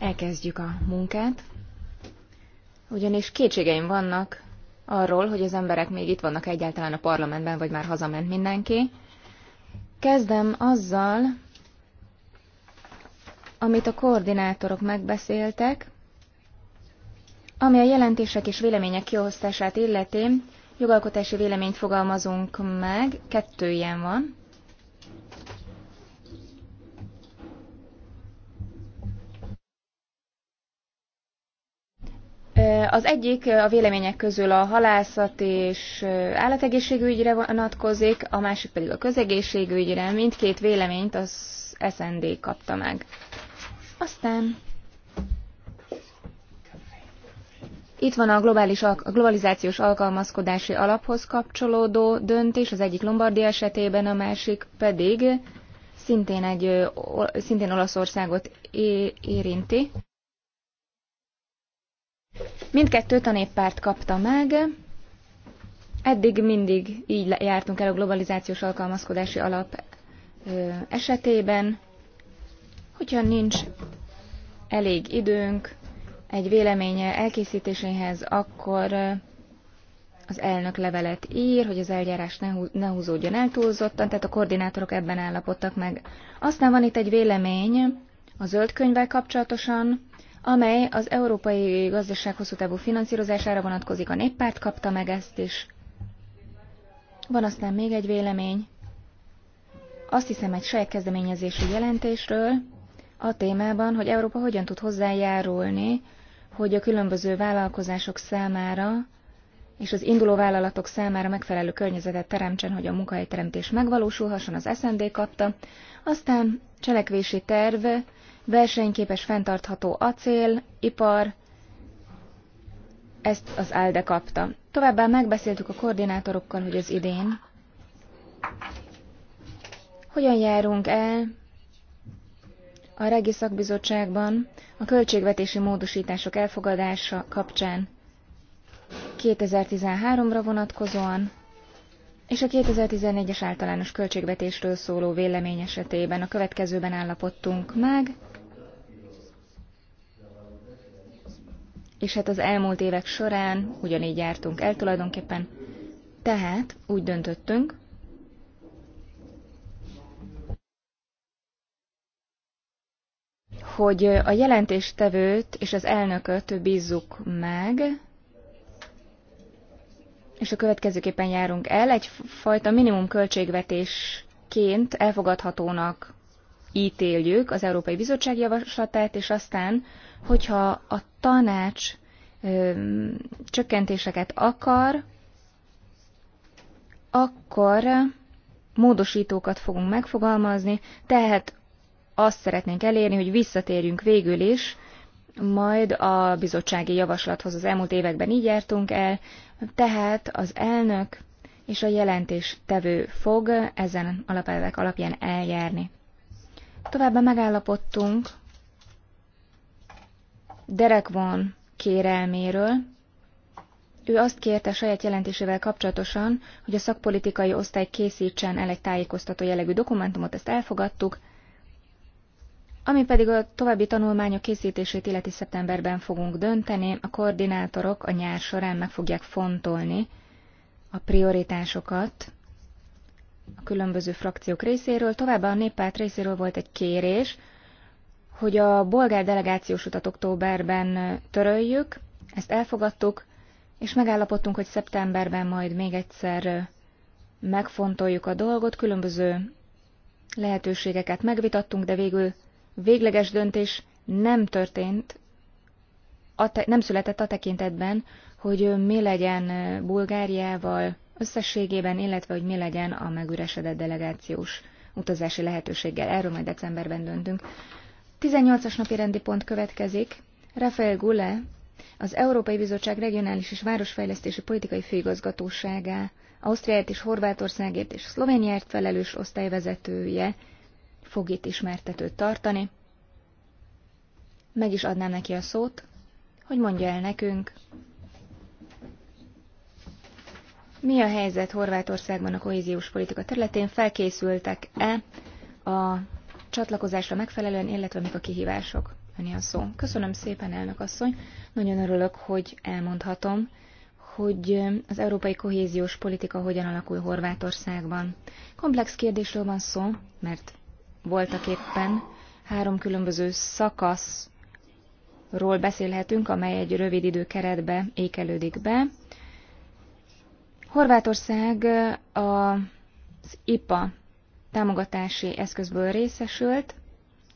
Elkezdjük a munkát, ugyanis kétségeim vannak arról, hogy az emberek még itt vannak egyáltalán a parlamentben, vagy már hazament mindenki. Kezdem azzal, amit a koordinátorok megbeszéltek, ami a jelentések és vélemények kiosztását illeti, jogalkotási véleményt fogalmazunk meg, kettő ilyen van, Az egyik a vélemények közül a halászat és állategészségügyre vonatkozik, a másik pedig a közegészségügyre. Mindkét véleményt az SND kapta meg. Aztán itt van a, globális, a globalizációs alkalmazkodási alaphoz kapcsolódó döntés, az egyik Lombardia esetében, a másik pedig szintén, egy, szintén Olaszországot érinti. Mindkettőt a néppárt kapta meg. Eddig mindig így jártunk el a globalizációs alkalmazkodási alap esetében. Hogyha nincs elég időnk egy véleménye elkészítéséhez, akkor az elnök levelet ír, hogy az eljárás ne, ne húzódjon el túlzottan, tehát a koordinátorok ebben állapodtak meg. Aztán van itt egy vélemény a zöld könyvvel kapcsolatosan, amely az európai gazdaság hosszú távú finanszírozására vonatkozik. A néppárt kapta meg ezt is. Van aztán még egy vélemény. Azt hiszem egy saját kezdeményezésű jelentésről a témában, hogy Európa hogyan tud hozzájárulni, hogy a különböző vállalkozások számára és az induló vállalatok számára megfelelő környezetet teremtsen, hogy a munkahelyteremtés megvalósulhasson, az SND kapta. Aztán cselekvési terv versenyképes, fenntartható acél, ipar, ezt az ALDE kapta. Továbbá megbeszéltük a koordinátorokkal, hogy az idén hogyan járunk el a Regi Szakbizottságban a költségvetési módosítások elfogadása kapcsán 2013-ra vonatkozóan, és a 2014-es általános költségvetésről szóló vélemény esetében a következőben állapodtunk meg. és hát az elmúlt évek során ugyanígy jártunk el tulajdonképpen. Tehát úgy döntöttünk, hogy a jelentéstevőt és az elnököt bízzuk meg, és a következőképpen járunk el, egyfajta minimum költségvetésként elfogadhatónak ítéljük az Európai Bizottság javaslatát, és aztán, hogyha a tanács ö, csökkentéseket akar, akkor módosítókat fogunk megfogalmazni, tehát azt szeretnénk elérni, hogy visszatérjünk végül is, majd a bizottsági javaslathoz az elmúlt években így jártunk el, tehát az elnök és a jelentéstevő fog ezen alapelvek alapján eljárni. Továbbá megállapodtunk Derek van kérelméről. Ő azt kérte saját jelentésével kapcsolatosan, hogy a szakpolitikai osztály készítsen el egy tájékoztató jellegű dokumentumot, ezt elfogadtuk, ami pedig a további tanulmányok készítését illeti szeptemberben fogunk dönteni, a koordinátorok a nyár során meg fogják fontolni a prioritásokat, a különböző frakciók részéről. Továbbá a néppárt részéről volt egy kérés, hogy a bolgár delegációs utat októberben töröljük, ezt elfogadtuk, és megállapodtunk, hogy szeptemberben majd még egyszer megfontoljuk a dolgot, különböző lehetőségeket megvitattunk, de végül végleges döntés nem történt, nem született a tekintetben, hogy mi legyen Bulgáriával, összességében, illetve hogy mi legyen a megüresedett delegációs utazási lehetőséggel. Erről majd decemberben döntünk. 18-as napi rendi pont következik. Rafael Gule, az Európai Bizottság regionális és városfejlesztési politikai főigazgatóságá, Ausztriát és Horvátországért és Szlovéniát felelős osztályvezetője fog itt ismertetőt tartani. Meg is adnám neki a szót, hogy mondja el nekünk, mi a helyzet Horvátországban a kohéziós politika területén? Felkészültek-e a csatlakozásra megfelelően, illetve mik a kihívások? Öni a szó. Köszönöm szépen, elnök asszony. Nagyon örülök, hogy elmondhatom, hogy az európai kohéziós politika hogyan alakul Horvátországban. Komplex kérdésről van szó, mert voltak éppen három különböző szakaszról beszélhetünk, amely egy rövid időkeretbe ékelődik be. Horvátország az IPA támogatási eszközből részesült,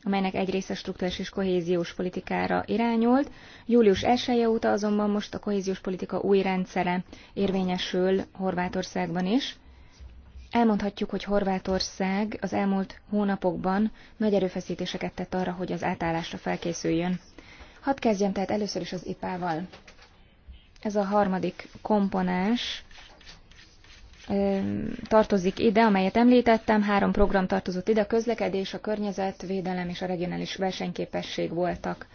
amelynek egy része struktúrás és kohéziós politikára irányult. Július 1 -e óta azonban most a kohéziós politika új rendszere érvényesül Horvátországban is. Elmondhatjuk, hogy Horvátország az elmúlt hónapokban nagy erőfeszítéseket tett arra, hogy az átállásra felkészüljön. Hadd kezdjem tehát először is az IPA-val. Ez a harmadik komponens tartozik ide, amelyet említettem. Három program tartozott ide, a közlekedés, a környezetvédelem és a regionális versenyképesség voltak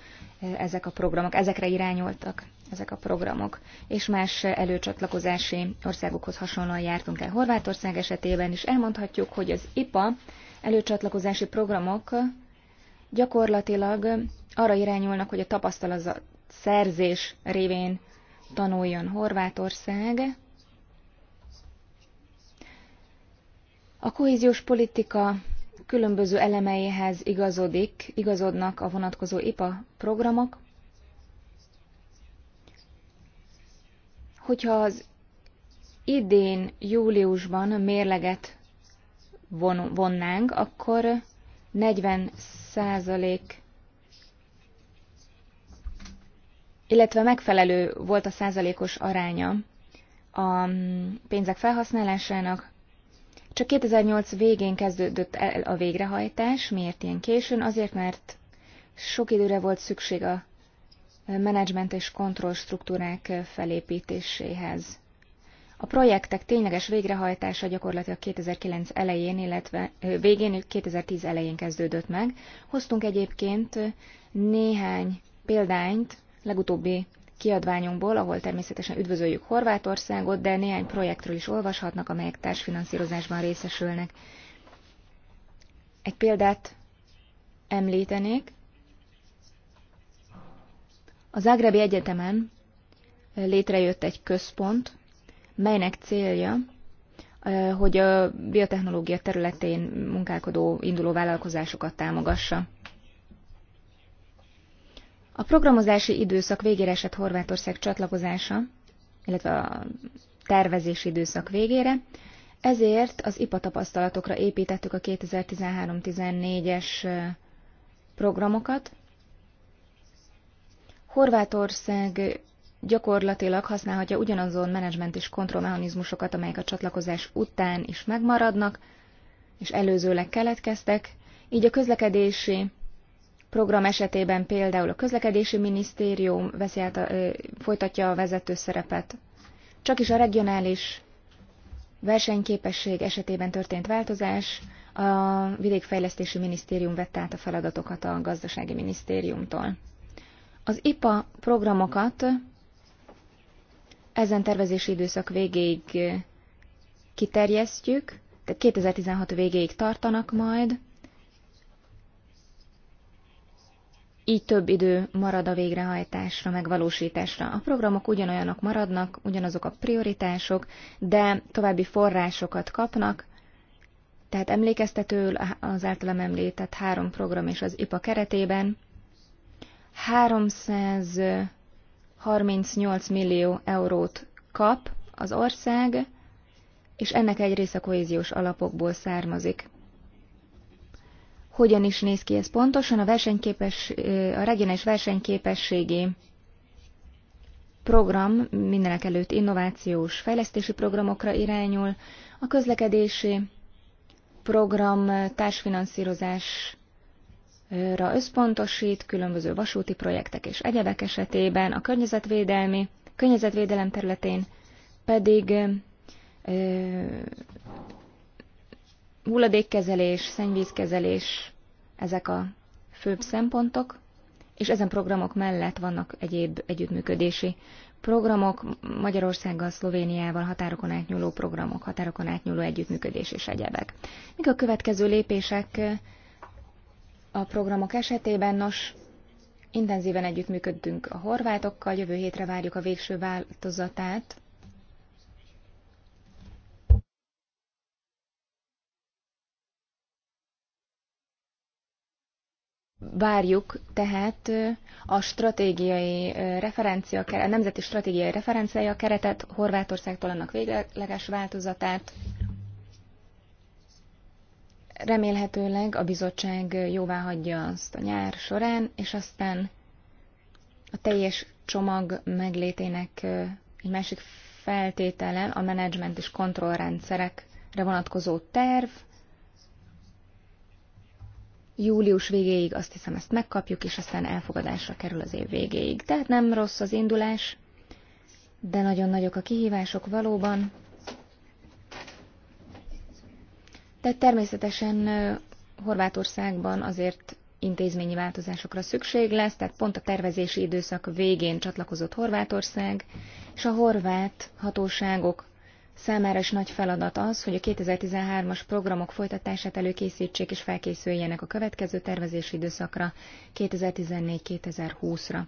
ezek a programok, ezekre irányultak ezek a programok, és más előcsatlakozási országokhoz hasonlóan jártunk el. Horvátország esetében is elmondhatjuk, hogy az IPA előcsatlakozási programok gyakorlatilag arra irányulnak, hogy a tapasztalat szerzés révén tanuljon Horvátország, A kohéziós politika különböző elemeihez igazodik, igazodnak a vonatkozó IPA programok. Hogyha az idén júliusban mérleget von, vonnánk, akkor 40 százalék, illetve megfelelő volt a százalékos aránya a pénzek felhasználásának, csak 2008 végén kezdődött el a végrehajtás. Miért ilyen későn? Azért, mert sok időre volt szükség a menedzsment és kontroll struktúrák felépítéséhez. A projektek tényleges végrehajtása gyakorlatilag 2009 elején, illetve végén 2010 elején kezdődött meg. Hoztunk egyébként néhány példányt legutóbbi kiadványunkból, ahol természetesen üdvözöljük Horvátországot, de néhány projektről is olvashatnak, amelyek társfinanszírozásban részesülnek. Egy példát említenék. A Zágrebi Egyetemen létrejött egy központ, melynek célja, hogy a biotechnológia területén munkálkodó induló vállalkozásokat támogassa. A programozási időszak végére esett Horvátország csatlakozása, illetve a tervezési időszak végére, ezért az IPA tapasztalatokra építettük a 2013-14-es programokat. Horvátország gyakorlatilag használhatja ugyanazon menedzsment és kontrollmechanizmusokat, amelyek a csatlakozás után is megmaradnak, és előzőleg keletkeztek, így a közlekedési program esetében például a közlekedési minisztérium veszi át a, folytatja a vezető szerepet. Csak is a regionális versenyképesség esetében történt változás, a vidékfejlesztési minisztérium vette át a feladatokat a gazdasági minisztériumtól. Az IPA programokat ezen tervezési időszak végéig kiterjesztjük, tehát 2016 végéig tartanak majd, így több idő marad a végrehajtásra, megvalósításra. A programok ugyanolyanok maradnak, ugyanazok a prioritások, de további forrásokat kapnak, tehát emlékeztetőül az általam említett három program és az IPA keretében 338 millió eurót kap az ország, és ennek egy része kohéziós alapokból származik. Hogyan is néz ki ez pontosan? A, versenyképes, a regionális versenyképességi program mindenek előtt innovációs fejlesztési programokra irányul, a közlekedési program társfinanszírozásra összpontosít, különböző vasúti projektek és egyebek esetében, a környezetvédelmi, környezetvédelem területén pedig hulladékkezelés, szennyvízkezelés, ezek a főbb szempontok, és ezen programok mellett vannak egyéb együttműködési programok, Magyarországgal, Szlovéniával, határokon átnyúló programok, határokon átnyúló együttműködés és egyebek. Mik a következő lépések eh, a programok esetében? Nos, intenzíven együttműködünk a horvátokkal, jövő hétre várjuk a végső változatát Várjuk tehát a stratégiai referencia, a nemzeti stratégiai referenciája keretet, Horvátországtól annak végleges változatát. Remélhetőleg a bizottság jóvá hagyja azt a nyár során, és aztán a teljes csomag meglétének egy másik feltétele a menedzsment és kontrollrendszerekre vonatkozó terv, július végéig, azt hiszem ezt megkapjuk, és aztán elfogadásra kerül az év végéig. Tehát nem rossz az indulás, de nagyon nagyok a kihívások valóban. Tehát természetesen Horvátországban azért intézményi változásokra szükség lesz, tehát pont a tervezési időszak végén csatlakozott Horvátország, és a horvát hatóságok Számára is nagy feladat az, hogy a 2013-as programok folytatását előkészítsék és felkészüljenek a következő tervezési időszakra 2014-2020-ra.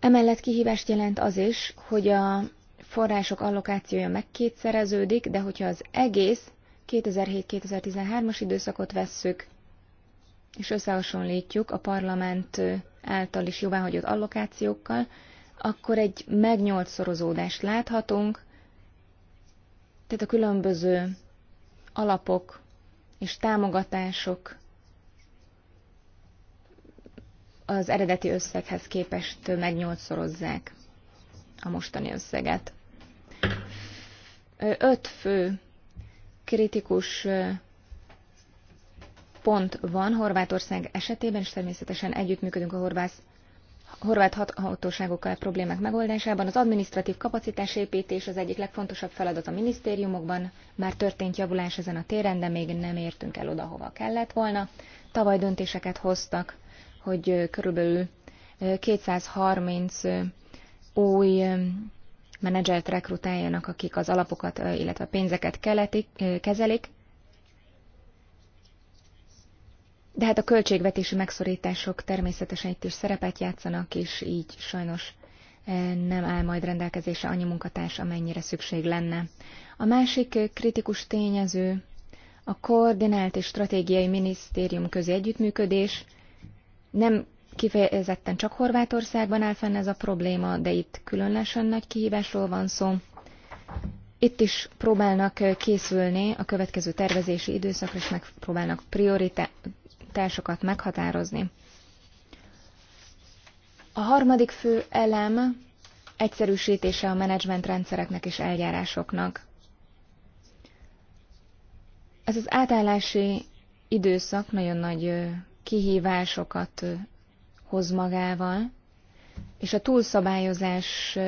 Emellett kihívást jelent az is, hogy a források allokációja megkétszereződik, de hogyha az egész 2007-2013-as időszakot vesszük, és összehasonlítjuk a parlament által is jóváhagyott allokációkkal, akkor egy megnyolcszorozódást láthatunk, tehát a különböző alapok és támogatások az eredeti összeghez képest megnyolcszorozzák a mostani összeget. Öt fő kritikus pont van Horvátország esetében, és természetesen együttműködünk a horvát, horvát hatóságokkal problémák megoldásában. Az adminisztratív kapacitásépítés az egyik legfontosabb feladat a minisztériumokban. Már történt javulás ezen a téren, de még nem értünk el oda, hova kellett volna. Tavaly döntéseket hoztak, hogy körülbelül 230 új menedzsert rekrutáljanak, akik az alapokat, illetve pénzeket keletik, kezelik. De hát a költségvetési megszorítások természetesen itt is szerepet játszanak, és így sajnos eh, nem áll majd rendelkezésre annyi munkatárs, amennyire szükség lenne. A másik eh, kritikus tényező a koordinált és stratégiai minisztérium közi együttműködés. Nem kifejezetten csak Horvátországban áll fenn ez a probléma, de itt különösen nagy kihívásról van szó. Itt is próbálnak eh, készülni a következő tervezési időszakra, és megpróbálnak prioritásokat meghatározni. A harmadik fő elem egyszerűsítése a menedzsment rendszereknek és eljárásoknak. Ez az átállási időszak nagyon nagy kihívásokat hoz magával, és a túlszabályozás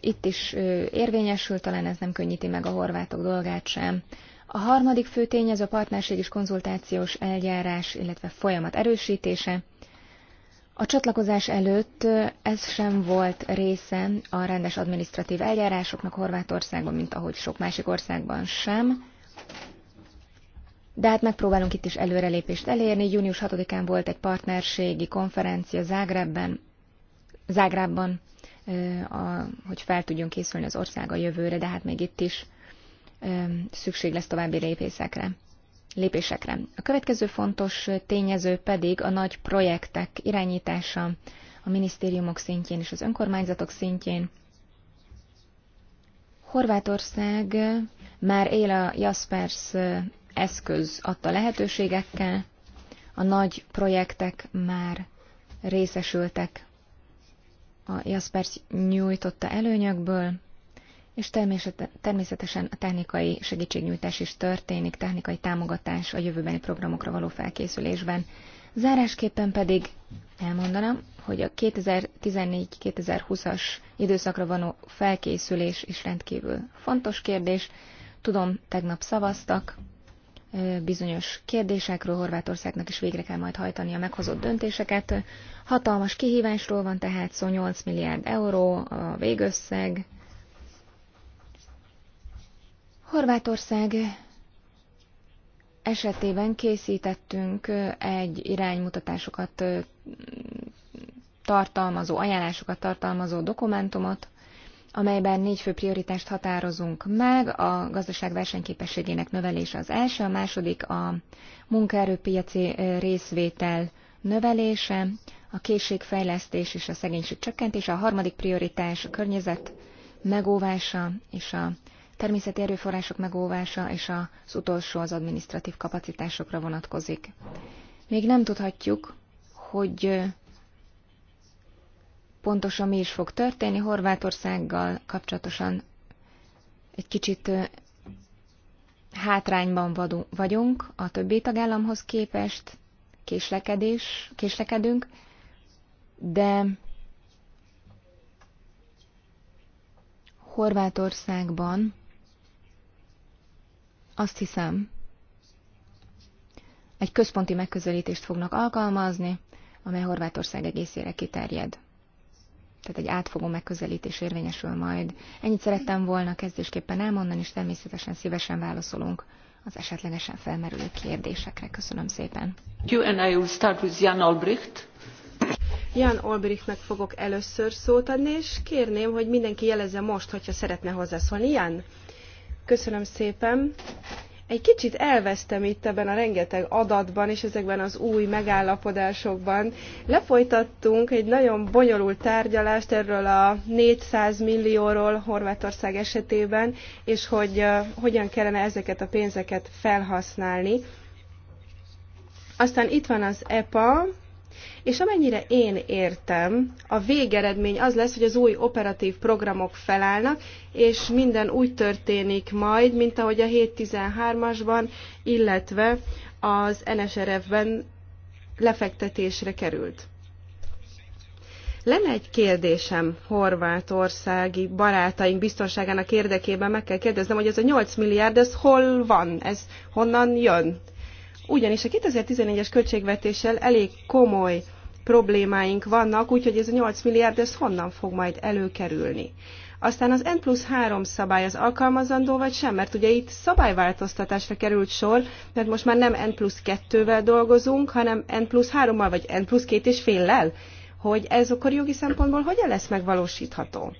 itt is érvényesül, talán ez nem könnyíti meg a horvátok dolgát sem. A harmadik fő az a partnerség és konzultációs eljárás, illetve folyamat erősítése. A csatlakozás előtt ez sem volt része a rendes adminisztratív eljárásoknak Horvátországban, mint ahogy sok másik országban sem. De hát megpróbálunk itt is előrelépést elérni. Június 6-án volt egy partnerségi konferencia Zágrábban, Zágrábban a, hogy fel tudjunk készülni az ország a jövőre, de hát még itt is szükség lesz további lépésekre. lépésekre. A következő fontos tényező pedig a nagy projektek irányítása a minisztériumok szintjén és az önkormányzatok szintjén. Horvátország már él a Jaspers eszköz adta lehetőségekkel, a nagy projektek már részesültek a Jaspers nyújtotta előnyökből, és természetesen a technikai segítségnyújtás is történik, technikai támogatás a jövőbeni programokra való felkészülésben. Zárásképpen pedig elmondanám, hogy a 2014-2020-as időszakra való felkészülés is rendkívül fontos kérdés. Tudom, tegnap szavaztak bizonyos kérdésekről, Horvátországnak is végre kell majd hajtani a meghozott döntéseket. Hatalmas kihívásról van tehát szó, 8 milliárd euró a végösszeg, Horvátország esetében készítettünk egy iránymutatásokat tartalmazó, ajánlásokat tartalmazó dokumentumot, amelyben négy fő prioritást határozunk meg. A gazdaság versenyképességének növelése az első, a második a munkaerőpiaci részvétel növelése, a készségfejlesztés és a szegénység csökkentése, a harmadik prioritás a környezet megóvása és a természeti erőforrások megóvása és az utolsó az administratív kapacitásokra vonatkozik. Még nem tudhatjuk, hogy pontosan mi is fog történni. Horvátországgal kapcsolatosan egy kicsit hátrányban vagyunk a többi tagállamhoz képest, késlekedés, késlekedünk, de Horvátországban azt hiszem, egy központi megközelítést fognak alkalmazni, amely Horvátország egészére kiterjed. Tehát egy átfogó megközelítés érvényesül majd. Ennyit szerettem volna kezdésképpen elmondani, és természetesen szívesen válaszolunk az esetlegesen felmerülő kérdésekre. Köszönöm szépen. You and I will start with Jan Albrecht. Jan Olbrichtnek fogok először szót adni, és kérném, hogy mindenki jelezze most, hogyha szeretne hozzászólni. Jan? Köszönöm szépen. Egy kicsit elvesztem itt ebben a rengeteg adatban és ezekben az új megállapodásokban. Lefolytattunk egy nagyon bonyolult tárgyalást erről a 400 millióról Horvátország esetében, és hogy uh, hogyan kellene ezeket a pénzeket felhasználni. Aztán itt van az EPA, és amennyire én értem, a végeredmény az lesz, hogy az új operatív programok felállnak, és minden úgy történik majd, mint ahogy a 7.13-asban, illetve az NSRF-ben lefektetésre került. Lenne egy kérdésem horvátországi barátaink biztonságának érdekében, meg kell kérdeznem, hogy ez a 8 milliárd, ez hol van, ez honnan jön? ugyanis a 2014-es költségvetéssel elég komoly problémáink vannak, úgyhogy ez a 8 milliárd, ez honnan fog majd előkerülni. Aztán az N plusz 3 szabály az alkalmazandó vagy sem, mert ugye itt szabályváltoztatásra került sor, mert most már nem N plusz 2-vel dolgozunk, hanem N plusz 3-mal vagy N plusz 2 és féllel, hogy ez akkor jogi szempontból hogyan lesz megvalósítható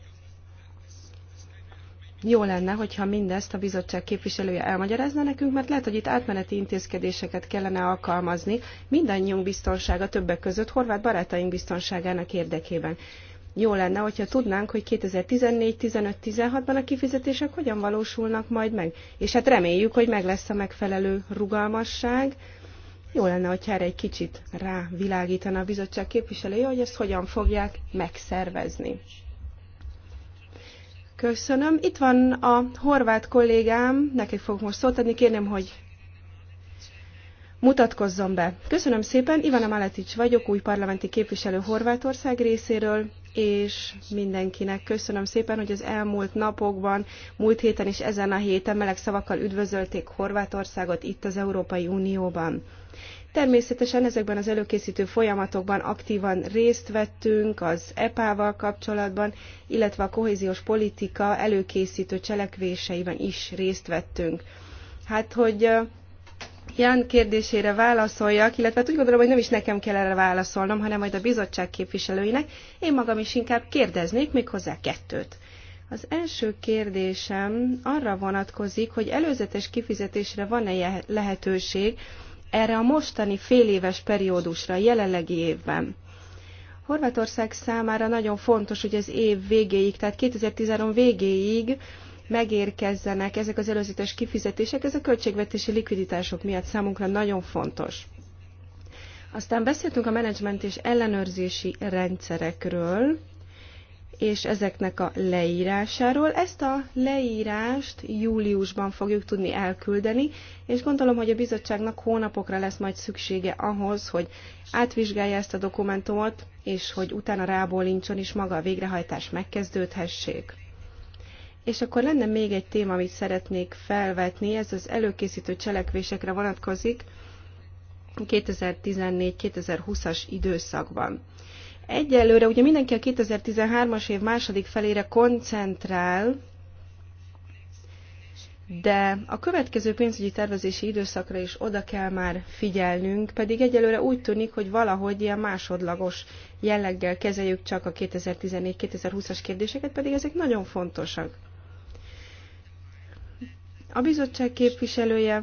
jó lenne, hogyha mindezt a bizottság képviselője elmagyarázna nekünk, mert lehet, hogy itt átmeneti intézkedéseket kellene alkalmazni mindannyiunk biztonsága többek között horvát barátaink biztonságának érdekében. Jó lenne, hogyha tudnánk, hogy 2014, 15, 16-ban a kifizetések hogyan valósulnak majd meg. És hát reméljük, hogy meg lesz a megfelelő rugalmasság. Jó lenne, hogyha erre egy kicsit rávilágítana a bizottság képviselője, hogy ezt hogyan fogják megszervezni. Köszönöm. Itt van a horvát kollégám, neki fogok most szót adni, kérném, hogy mutatkozzon be. Köszönöm szépen, Ivana Maletics vagyok, új parlamenti képviselő Horvátország részéről, és mindenkinek köszönöm szépen, hogy az elmúlt napokban, múlt héten és ezen a héten meleg szavakkal üdvözölték Horvátországot itt az Európai Unióban. Természetesen ezekben az előkészítő folyamatokban aktívan részt vettünk az EPA-val kapcsolatban, illetve a kohéziós politika előkészítő cselekvéseiben is részt vettünk. Hát, hogy Ján kérdésére válaszoljak, illetve hát úgy gondolom, hogy nem is nekem kell erre válaszolnom, hanem majd a bizottság képviselőinek. Én magam is inkább kérdeznék még hozzá kettőt. Az első kérdésem arra vonatkozik, hogy előzetes kifizetésre van-e lehetőség erre a mostani féléves periódusra, jelenlegi évben. Horvátország számára nagyon fontos, hogy az év végéig, tehát 2013 végéig megérkezzenek ezek az előzetes kifizetések, ez a költségvetési likviditások miatt számunkra nagyon fontos. Aztán beszéltünk a menedzsment és ellenőrzési rendszerekről, és ezeknek a leírásáról. Ezt a leírást júliusban fogjuk tudni elküldeni, és gondolom, hogy a bizottságnak hónapokra lesz majd szüksége ahhoz, hogy átvizsgálja ezt a dokumentumot, és hogy utána rábólincson is maga a végrehajtás megkezdődhessék. És akkor lenne még egy téma, amit szeretnék felvetni, ez az előkészítő cselekvésekre vonatkozik 2014-2020-as időszakban. Egyelőre ugye mindenki a 2013-as év második felére koncentrál, de a következő pénzügyi tervezési időszakra is oda kell már figyelnünk, pedig egyelőre úgy tűnik, hogy valahogy ilyen másodlagos jelleggel kezeljük csak a 2014-2020-as kérdéseket, pedig ezek nagyon fontosak. A bizottság képviselője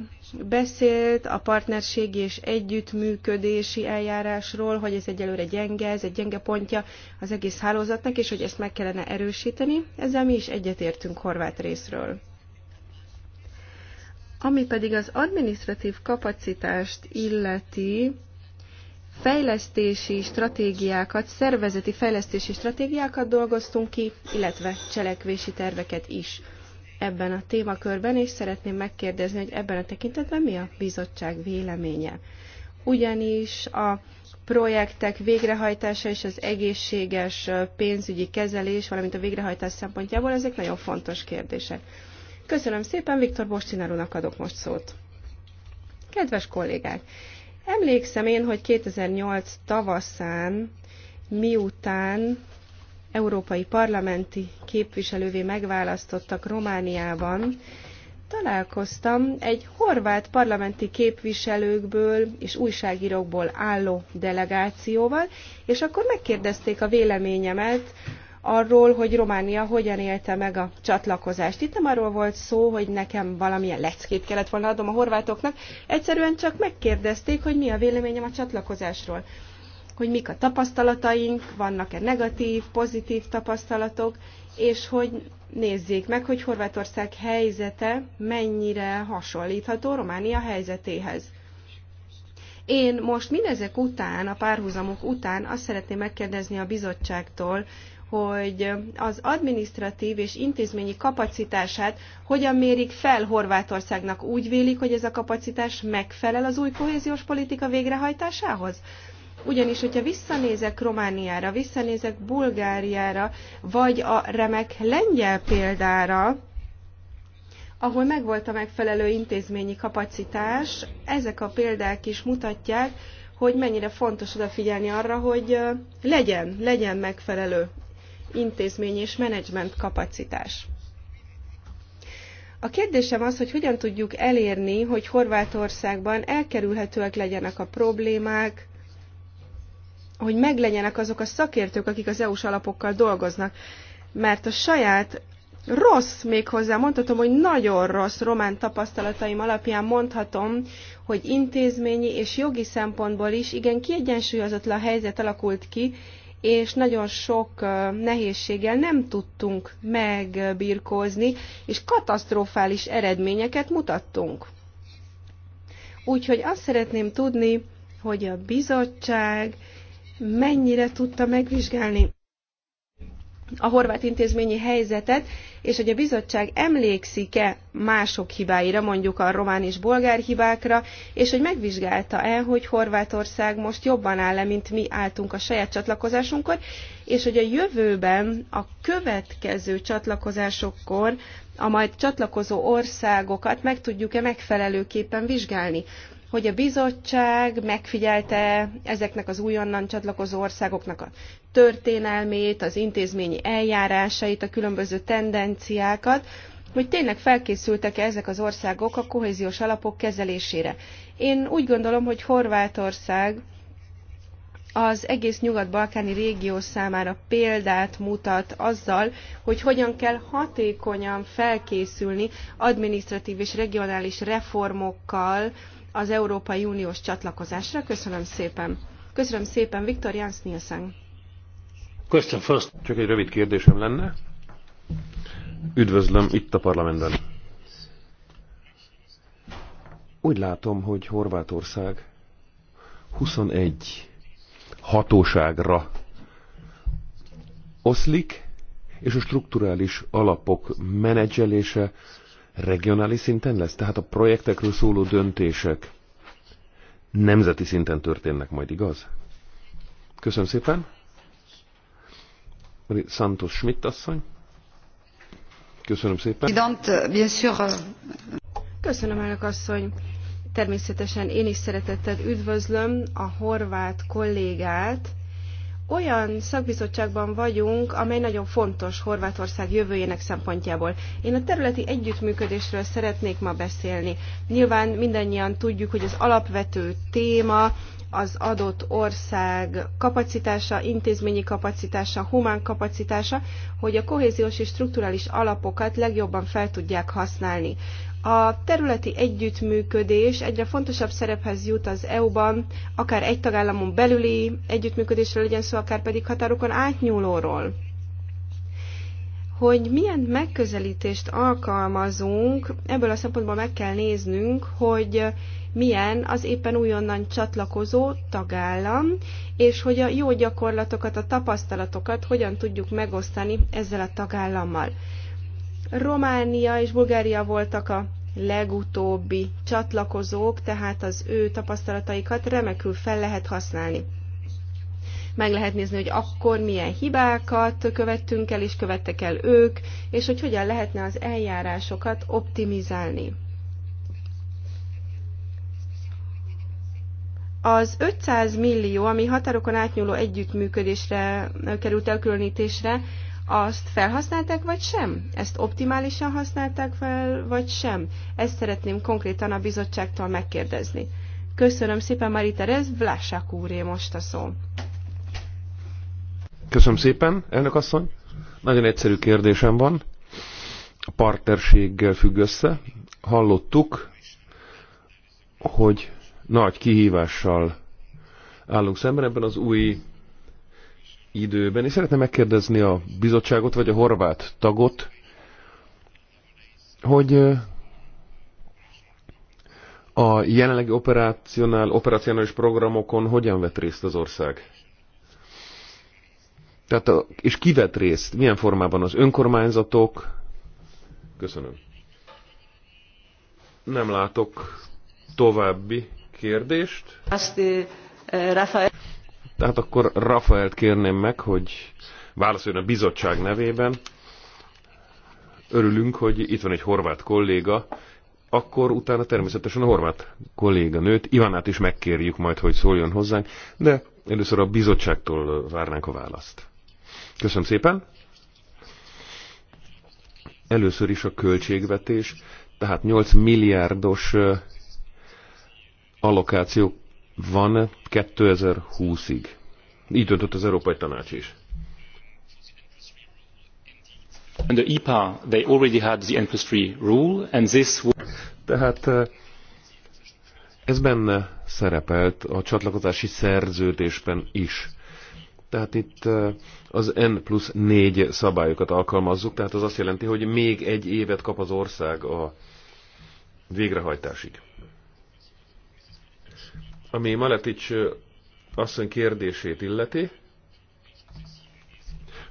beszélt a partnerségi és együttműködési eljárásról, hogy ez egyelőre gyenge, ez egy gyenge pontja az egész hálózatnak, és hogy ezt meg kellene erősíteni. Ezzel mi is egyetértünk horvát részről. Ami pedig az administratív kapacitást illeti, fejlesztési stratégiákat, szervezeti fejlesztési stratégiákat dolgoztunk ki, illetve cselekvési terveket is ebben a témakörben, és szeretném megkérdezni, hogy ebben a tekintetben mi a bizottság véleménye. Ugyanis a projektek végrehajtása és az egészséges pénzügyi kezelés, valamint a végrehajtás szempontjából ezek nagyon fontos kérdések. Köszönöm szépen, Viktor Bostinárónak adok most szót. Kedves kollégák! Emlékszem én, hogy 2008 tavaszán, miután európai parlamenti képviselővé megválasztottak Romániában, találkoztam egy horvát parlamenti képviselőkből és újságírókból álló delegációval, és akkor megkérdezték a véleményemet arról, hogy Románia hogyan élte meg a csatlakozást. Itt nem arról volt szó, hogy nekem valamilyen leckét kellett volna adnom a horvátoknak, egyszerűen csak megkérdezték, hogy mi a véleményem a csatlakozásról hogy mik a tapasztalataink, vannak-e negatív, pozitív tapasztalatok, és hogy nézzék meg, hogy Horvátország helyzete mennyire hasonlítható Románia helyzetéhez. Én most mindezek után, a párhuzamok után azt szeretném megkérdezni a bizottságtól, hogy az administratív és intézményi kapacitását hogyan mérik fel Horvátországnak? Úgy vélik, hogy ez a kapacitás megfelel az új kohéziós politika végrehajtásához? Ugyanis, hogyha visszanézek Romániára, visszanézek Bulgáriára, vagy a remek lengyel példára, ahol megvolt a megfelelő intézményi kapacitás, ezek a példák is mutatják, hogy mennyire fontos odafigyelni arra, hogy legyen, legyen megfelelő intézmény és menedzsment kapacitás. A kérdésem az, hogy hogyan tudjuk elérni, hogy Horvátországban elkerülhetőek legyenek a problémák, hogy meglegyenek azok a szakértők, akik az EU-s alapokkal dolgoznak. Mert a saját rossz méghozzá, mondhatom, hogy nagyon rossz román tapasztalataim alapján mondhatom, hogy intézményi és jogi szempontból is igen kiegyensúlyozatlan helyzet alakult ki, és nagyon sok nehézséggel nem tudtunk megbirkózni, és katasztrofális eredményeket mutattunk. Úgyhogy azt szeretném tudni, hogy a bizottság mennyire tudta megvizsgálni a horvát intézményi helyzetet, és hogy a bizottság emlékszik-e mások hibáira, mondjuk a román és bolgár hibákra, és hogy megvizsgálta-e, hogy Horvátország most jobban áll-e, mint mi álltunk a saját csatlakozásunkkor, és hogy a jövőben a következő csatlakozásokkor a majd csatlakozó országokat meg tudjuk-e megfelelőképpen vizsgálni hogy a bizottság megfigyelte ezeknek az újonnan csatlakozó országoknak a történelmét, az intézményi eljárásait, a különböző tendenciákat, hogy tényleg felkészültek -e ezek az országok a kohéziós alapok kezelésére. Én úgy gondolom, hogy Horvátország az egész nyugat-balkáni régió számára példát mutat azzal, hogy hogyan kell hatékonyan felkészülni adminisztratív és regionális reformokkal az Európai Uniós csatlakozásra. Köszönöm szépen. Köszönöm szépen, Viktor Jans Nielsen. Köszönöm, first. Csak egy rövid kérdésem lenne. Üdvözlöm itt a parlamentben. Úgy látom, hogy Horvátország 21 hatóságra oszlik, és a strukturális alapok menedzselése regionális szinten lesz? Tehát a projektekről szóló döntések nemzeti szinten történnek majd, igaz? Köszönöm szépen. Santos Schmidt asszony. Köszönöm szépen. Euh, Köszönöm, elnök asszony. Természetesen én is szeretettel üdvözlöm a horvát kollégát, olyan szakbizottságban vagyunk, amely nagyon fontos Horvátország jövőjének szempontjából. Én a területi együttműködésről szeretnék ma beszélni. Nyilván mindannyian tudjuk, hogy az alapvető téma az adott ország kapacitása, intézményi kapacitása, humán kapacitása, hogy a kohéziós és strukturális alapokat legjobban fel tudják használni. A területi együttműködés egyre fontosabb szerephez jut az EU-ban, akár egy tagállamon belüli együttműködésről legyen szó, akár pedig határokon átnyúlóról. Hogy milyen megközelítést alkalmazunk, ebből a szempontból meg kell néznünk, hogy milyen az éppen újonnan csatlakozó tagállam, és hogy a jó gyakorlatokat, a tapasztalatokat hogyan tudjuk megosztani ezzel a tagállammal. Románia és Bulgária voltak a legutóbbi csatlakozók, tehát az ő tapasztalataikat remekül fel lehet használni. Meg lehet nézni, hogy akkor milyen hibákat követtünk el és követtek el ők, és hogy hogyan lehetne az eljárásokat optimizálni. Az 500 millió, ami határokon átnyúló együttműködésre került elkülönítésre, azt felhasználták, vagy sem? Ezt optimálisan használták fel, vagy sem? Ezt szeretném konkrétan a bizottságtól megkérdezni. Köszönöm szépen, Mari Terez, Vlásák úré most a szó. Köszönöm szépen, elnök asszony. Nagyon egyszerű kérdésem van. A partnerséggel függ össze. Hallottuk, hogy nagy kihívással állunk szemben ebben az új időben, Én szeretném megkérdezni a bizottságot, vagy a horvát tagot, hogy a jelenlegi operacionál, operacionális programokon hogyan vett részt az ország? Tehát a, és ki vett részt? Milyen formában az önkormányzatok? Köszönöm. Nem látok további kérdést. Azt, Rafael. Tehát akkor Rafaelt kérném meg, hogy válaszoljon a bizottság nevében. Örülünk, hogy itt van egy horvát kolléga, akkor utána természetesen a horvát kolléganőt, Ivánát is megkérjük majd, hogy szóljon hozzánk, de először a bizottságtól várnánk a választ. Köszönöm szépen! Először is a költségvetés, tehát 8 milliárdos allokáció van 2020-ig. Így döntött az Európai Tanács is. the IPA, e they already had the N plus 3 rule, and this Tehát eh, ez benne szerepelt a csatlakozási szerződésben is. Tehát itt eh, az N plusz 4 szabályokat alkalmazzuk, tehát az azt jelenti, hogy még egy évet kap az ország a végrehajtásig. Ami Maletics asszony kérdését illeti,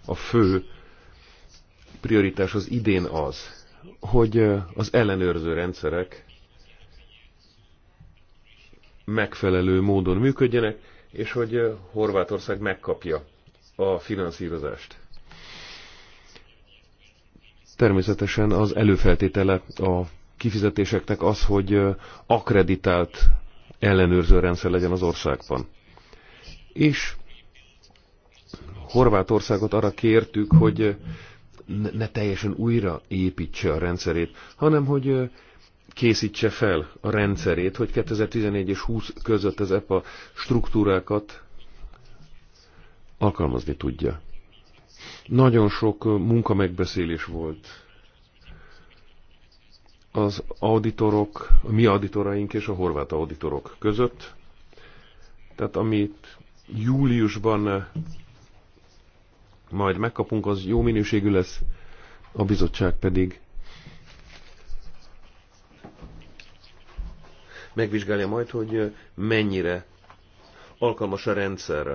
a fő prioritás az idén az, hogy az ellenőrző rendszerek megfelelő módon működjenek, és hogy Horvátország megkapja a finanszírozást. Természetesen az előfeltétele a kifizetéseknek az, hogy akreditált ellenőrző rendszer legyen az országban. És Horvátországot arra kértük, hogy ne teljesen újra építse a rendszerét, hanem hogy készítse fel a rendszerét, hogy 2014 és 20 között az EPA struktúrákat alkalmazni tudja. Nagyon sok munkamegbeszélés volt az auditorok, a mi auditoraink és a horvát auditorok között. Tehát amit júliusban majd megkapunk, az jó minőségű lesz, a bizottság pedig megvizsgálja majd, hogy mennyire alkalmas a rendszer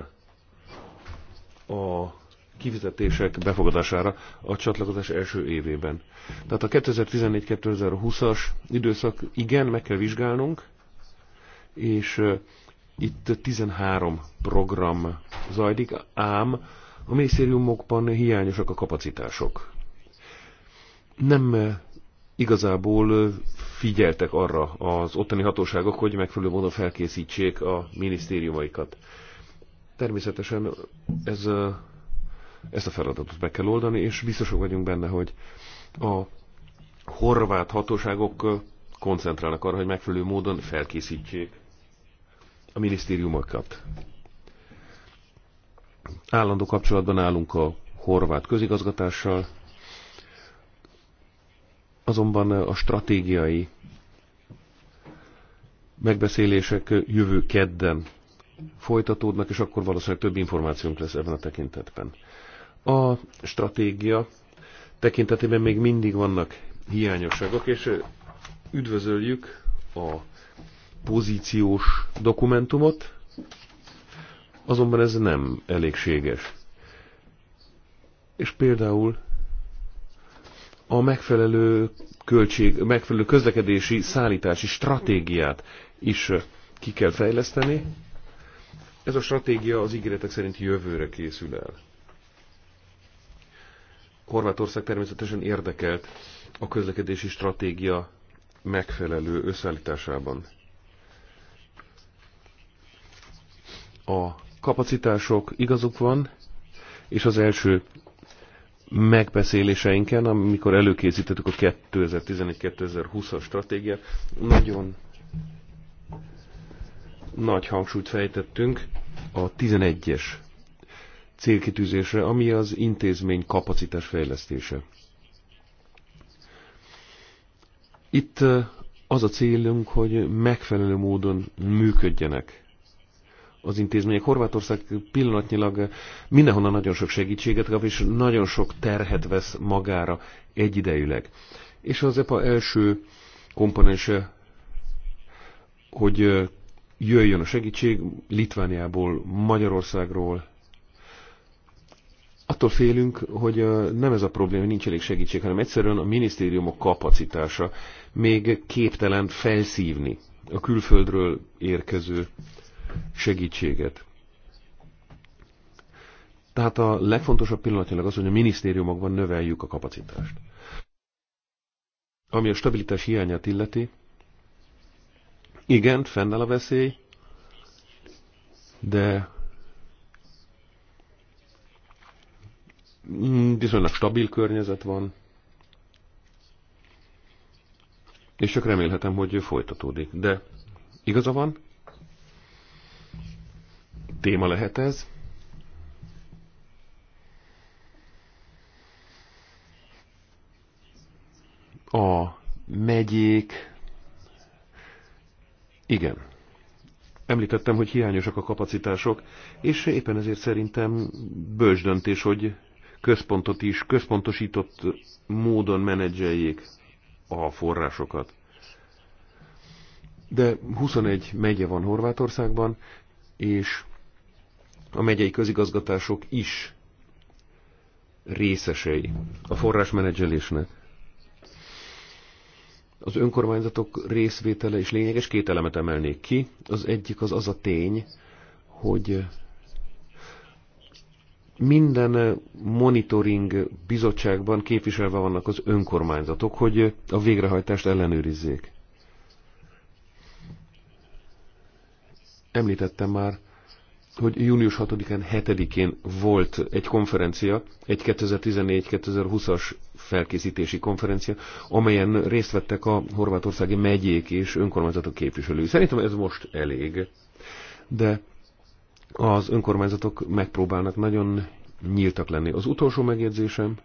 a kifizetések befogadására a csatlakozás első évében. Tehát a 2014-2020-as időszak igen, meg kell vizsgálnunk, és itt 13 program zajlik, ám a minisztériumokban hiányosak a kapacitások. Nem igazából figyeltek arra az ottani hatóságok, hogy megfelelő módon felkészítsék a minisztériumaikat. Természetesen ez ezt a feladatot meg kell oldani, és biztosak vagyunk benne, hogy a horvát hatóságok koncentrálnak arra, hogy megfelelő módon felkészítsék a minisztériumokat. Állandó kapcsolatban állunk a horvát közigazgatással, azonban a stratégiai megbeszélések jövő kedden folytatódnak, és akkor valószínűleg több információnk lesz ebben a tekintetben. A stratégia tekintetében még mindig vannak hiányosságok, és üdvözöljük a pozíciós dokumentumot, azonban ez nem elégséges. És például a megfelelő költség, megfelelő közlekedési, szállítási stratégiát is ki kell fejleszteni. Ez a stratégia az ígéretek szerint jövőre készül el. Horvátország természetesen érdekelt a közlekedési stratégia megfelelő összeállításában. A kapacitások igazuk van, és az első megbeszéléseinken, amikor előkészítettük a 2011-2020-as stratégiát, nagyon nagy hangsúlyt fejtettünk a 11-es célkitűzésre, ami az intézmény kapacitás fejlesztése. Itt az a célunk, hogy megfelelő módon működjenek az intézmények. Horvátország pillanatnyilag mindenhonnan nagyon sok segítséget kap, és nagyon sok terhet vesz magára egyidejűleg. És az EPA első komponense, hogy jöjjön a segítség Litvániából, Magyarországról, Attól félünk, hogy nem ez a probléma, hogy nincs elég segítség, hanem egyszerűen a minisztériumok kapacitása még képtelen felszívni a külföldről érkező segítséget. Tehát a legfontosabb pillanatnyilag az, hogy a minisztériumokban növeljük a kapacitást. Ami a stabilitás hiányát illeti, igen, fennáll a veszély, de Mm, viszonylag stabil környezet van, és csak remélhetem, hogy folytatódik. De igaza van, téma lehet ez. A megyék, igen. Említettem, hogy hiányosak a kapacitások, és éppen ezért szerintem bölcs döntés, hogy központot is központosított módon menedzseljék a forrásokat. De 21 megye van Horvátországban, és a megyei közigazgatások is részesei a forrásmenedzselésnek. Az önkormányzatok részvétele is lényeges, két elemet emelnék ki. Az egyik az az a tény, hogy minden eh, monitoring bizottságban képviselve vannak az önkormányzatok, hogy eh, a végrehajtást ellenőrizzék. Említettem már, hogy június 6-án, 7-én volt egy konferencia, egy 2014-2020-as felkészítési konferencia, amelyen részt vettek a horvátországi megyék és önkormányzatok képviselői. Szerintem ez most elég, de az önkormányzatok megpróbálnak nagyon nyíltak lenni. Az utolsó megjegyzésem,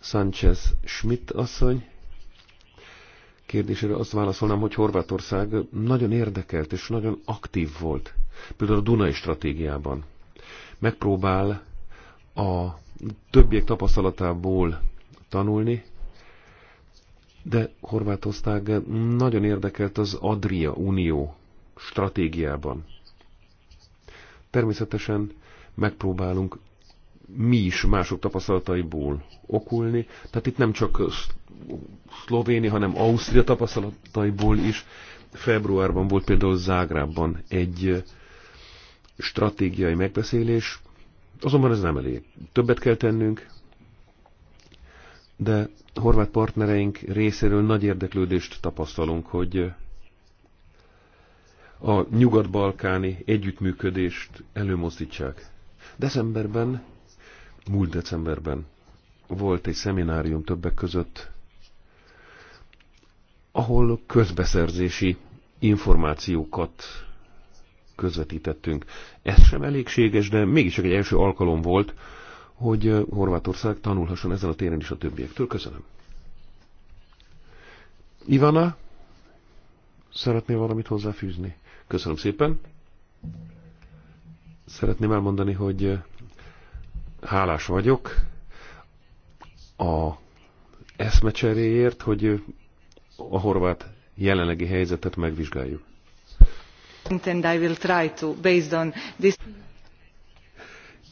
Sanchez Schmidt asszony kérdésére azt válaszolnám, hogy Horvátország nagyon érdekelt és nagyon aktív volt, például a Dunai stratégiában. Megpróbál a többiek tapasztalatából tanulni, de Horvátország nagyon érdekelt az Adria Unió stratégiában. Természetesen megpróbálunk mi is mások tapasztalataiból okulni. Tehát itt nem csak szlovéni, hanem Ausztria tapasztalataiból is. Februárban volt például Zágrában egy stratégiai megbeszélés, azonban ez nem elég. Többet kell tennünk, de horvát partnereink részéről nagy érdeklődést tapasztalunk, hogy a nyugat-balkáni együttműködést előmozdítsák. Decemberben, múlt decemberben volt egy szeminárium többek között, ahol közbeszerzési információkat közvetítettünk. Ez sem elégséges, de mégis egy első alkalom volt, hogy Horvátország tanulhasson ezen a téren is a többiektől. Köszönöm. Ivana, szeretnél valamit hozzáfűzni? Köszönöm szépen. Szeretném elmondani, hogy eh, hálás vagyok a eszmecseréért, hogy eh, a horvát jelenlegi helyzetet megvizsgáljuk.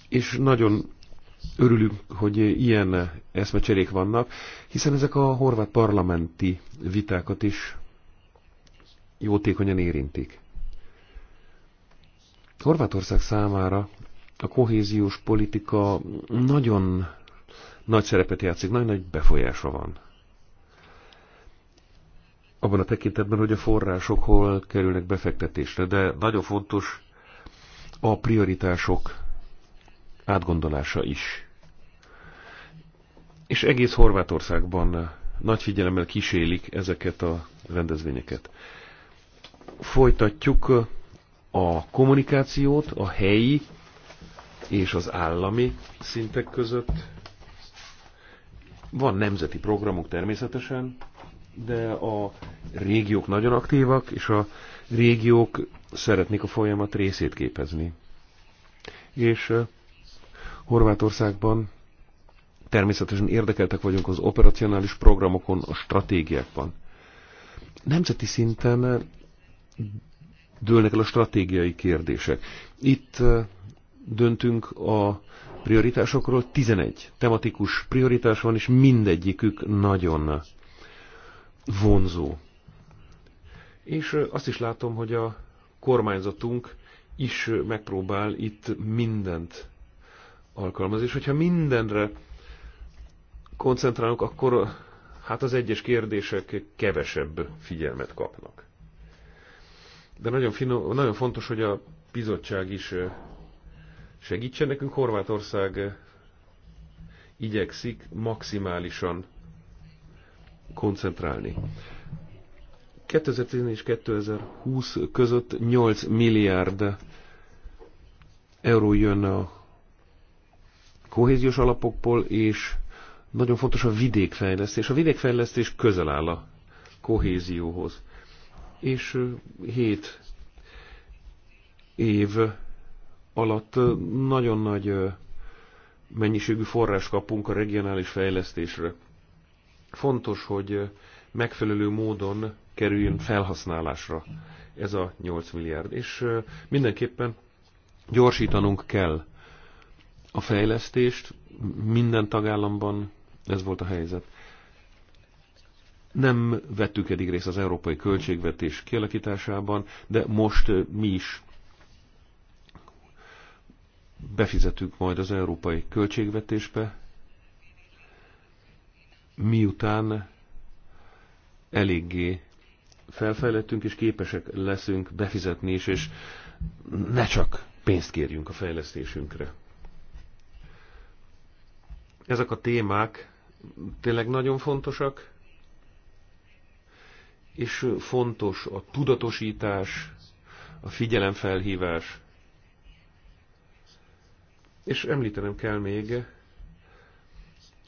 És nagyon örülünk, hogy ilyen eszmecserék vannak, hiszen ezek a horvát parlamenti vitákat is jótékonyan érintik. Horvátország számára a kohéziós politika nagyon nagy szerepet játszik, nagyon nagy befolyása van. Abban a tekintetben, hogy a források hol kerülnek befektetésre, de nagyon fontos a prioritások átgondolása is. És egész Horvátországban nagy figyelemmel kísélik ezeket a rendezvényeket. Folytatjuk a kommunikációt a helyi és az állami szintek között. Van nemzeti programok természetesen, de a régiók nagyon aktívak, és a régiók szeretnék a folyamat részét képezni. És Horvátországban természetesen érdekeltek vagyunk az operacionális programokon, a stratégiákban. Nemzeti szinten dőlnek el a stratégiai kérdések. Itt döntünk a prioritásokról, 11 tematikus prioritás van, és mindegyikük nagyon vonzó. És azt is látom, hogy a kormányzatunk is megpróbál itt mindent alkalmazni, és hogyha mindenre koncentrálunk, akkor hát az egyes kérdések kevesebb figyelmet kapnak. De nagyon, finom, nagyon fontos, hogy a bizottság is segítsen nekünk. Horvátország igyekszik maximálisan koncentrálni. 2010 és 2020 között 8 milliárd euró jön a kohéziós alapokból, és nagyon fontos a vidékfejlesztés. A vidékfejlesztés közel áll a kohézióhoz és hét év alatt nagyon nagy mennyiségű forrás kapunk a regionális fejlesztésre. Fontos, hogy megfelelő módon kerüljön felhasználásra ez a 8 milliárd. És mindenképpen gyorsítanunk kell a fejlesztést, minden tagállamban ez volt a helyzet. Nem vettük eddig részt az európai költségvetés kialakításában, de most mi is befizetünk majd az európai költségvetésbe, miután eléggé felfejlettünk és képesek leszünk befizetni is, és ne csak pénzt kérjünk a fejlesztésünkre. Ezek a témák tényleg nagyon fontosak, és fontos a tudatosítás, a figyelemfelhívás, és említenem kell még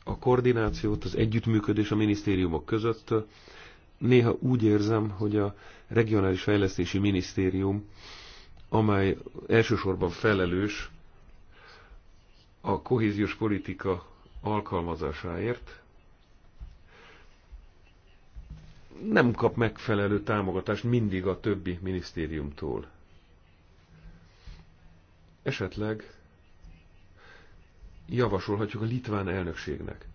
a koordinációt, az együttműködés a minisztériumok között. Néha úgy érzem, hogy a regionális fejlesztési minisztérium, amely elsősorban felelős a kohéziós politika alkalmazásáért, nem kap megfelelő támogatást mindig a többi minisztériumtól. Esetleg javasolhatjuk a litván elnökségnek,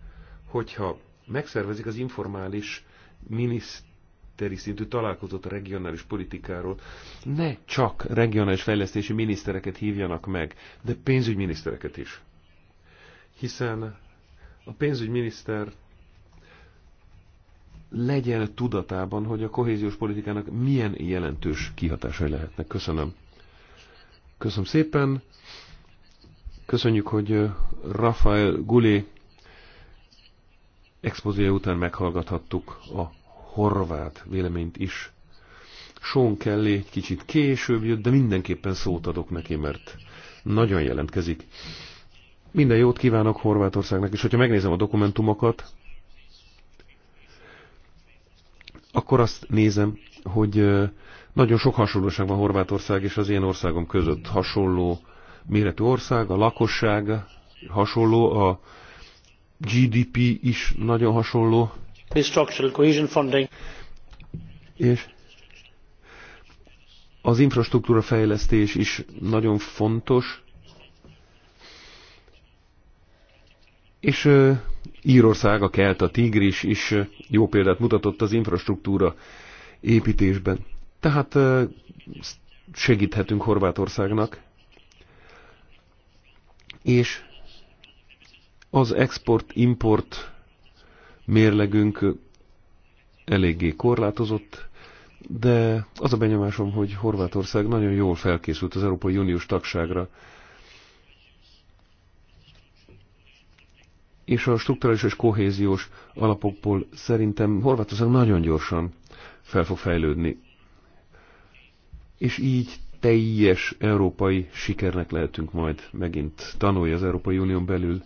hogyha megszervezik az informális miniszteri szintű találkozót a regionális politikáról, ne csak regionális fejlesztési minisztereket hívjanak meg, de pénzügyminisztereket is. Hiszen a pénzügyminiszter legyen tudatában, hogy a kohéziós politikának milyen jelentős kihatásai lehetnek. Köszönöm. Köszönöm szépen. Köszönjük, hogy Rafael Gulé expozíja után meghallgathattuk a horvát véleményt is. Sean Kelly egy kicsit később jött, de mindenképpen szót adok neki, mert nagyon jelentkezik. Minden jót kívánok Horvátországnak, és hogyha megnézem a dokumentumokat, akkor azt nézem, hogy nagyon sok hasonlóság van Horvátország és az én országom között. Hasonló méretű ország, a lakosság hasonló, a GDP is nagyon hasonló. Structural cohesion funding. És az infrastruktúra fejlesztés is nagyon fontos. És Írország, a Kelt, a Tigris is jó példát mutatott az infrastruktúra építésben. Tehát segíthetünk Horvátországnak, és az export-import mérlegünk eléggé korlátozott, de az a benyomásom, hogy Horvátország nagyon jól felkészült az Európai Uniós tagságra, és a strukturális és kohéziós alapokból szerintem Horvátország nagyon gyorsan fel fog fejlődni. És így teljes európai sikernek lehetünk majd megint tanulni az Európai Unión belül.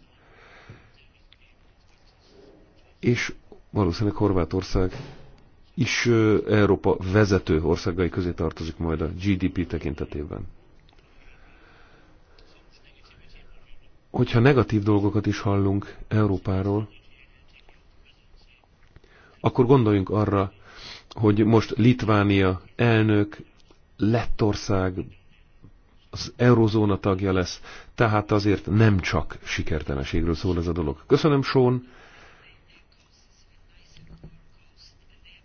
És valószínűleg Horvátország is Európa vezető országai közé tartozik majd a GDP tekintetében. hogyha negatív dolgokat is hallunk Európáról, akkor gondoljunk arra, hogy most Litvánia elnök, Lettország az eurozóna tagja lesz, tehát azért nem csak sikertelenségről szól ez a dolog. Köszönöm, Sean!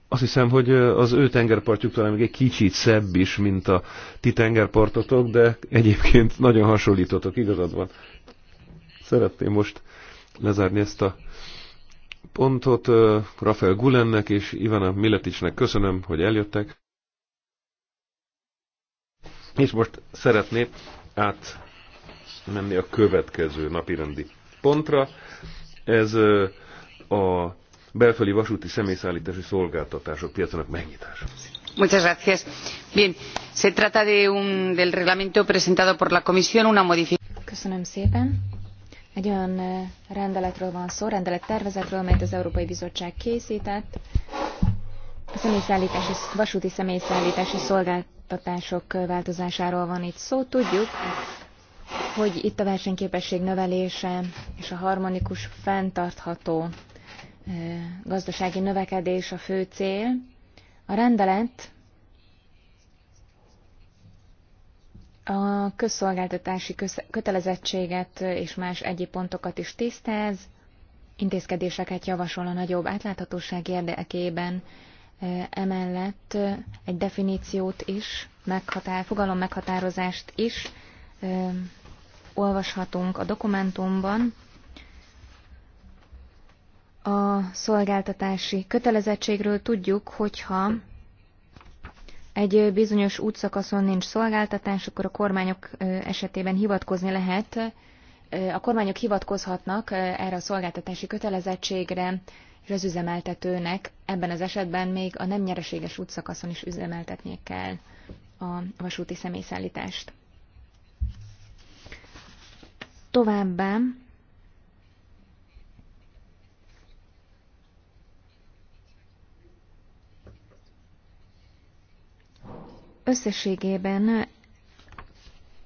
Azt hiszem, hogy az ő tengerpartjuk talán még egy kicsit szebb is, mint a ti tengerpartotok, de egyébként nagyon hasonlítotok, igazad van. Szeretném most lezárni ezt a pontot. Rafael Gulennek és Ivana Miletisnek. köszönöm, hogy eljöttek. És most szeretnék átmenni a következő napirendi pontra. Ez a belföldi vasúti személyszállítási szolgáltatások piacának megnyitása. Muchas gracias. Bien, se trata de un, del reglamento presentado por la Comisión, una modificación. Köszönöm szépen. Egy olyan rendeletről van szó, rendelet tervezetről, amelyet az Európai Bizottság készített. A személyszállítási, vasúti személyszállítási szolgáltatások változásáról van itt szó. Tudjuk, hogy itt a versenyképesség növelése és a harmonikus, fenntartható gazdasági növekedés a fő cél. A rendelet a közszolgáltatási kötelezettséget és más egyéb pontokat is tisztáz, intézkedéseket javasol a nagyobb átláthatóság érdekében, emellett egy definíciót is, meghatár, fogalom meghatározást is olvashatunk a dokumentumban. A szolgáltatási kötelezettségről tudjuk, hogyha egy bizonyos útszakaszon nincs szolgáltatás, akkor a kormányok esetében hivatkozni lehet, a kormányok hivatkozhatnak erre a szolgáltatási kötelezettségre, és az üzemeltetőnek ebben az esetben még a nem nyereséges útszakaszon is üzemeltetnie kell a vasúti személyszállítást. Továbbá Összességében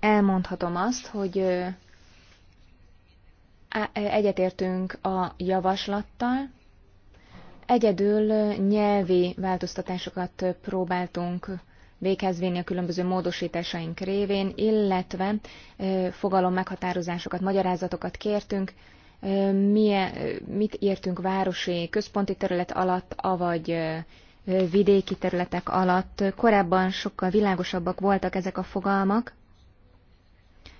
elmondhatom azt, hogy egyetértünk a javaslattal, egyedül nyelvi változtatásokat próbáltunk véghez vinni a különböző módosításaink révén, illetve fogalom meghatározásokat, magyarázatokat kértünk, milyen, mit értünk városi központi terület alatt, avagy vidéki területek alatt. Korábban sokkal világosabbak voltak ezek a fogalmak,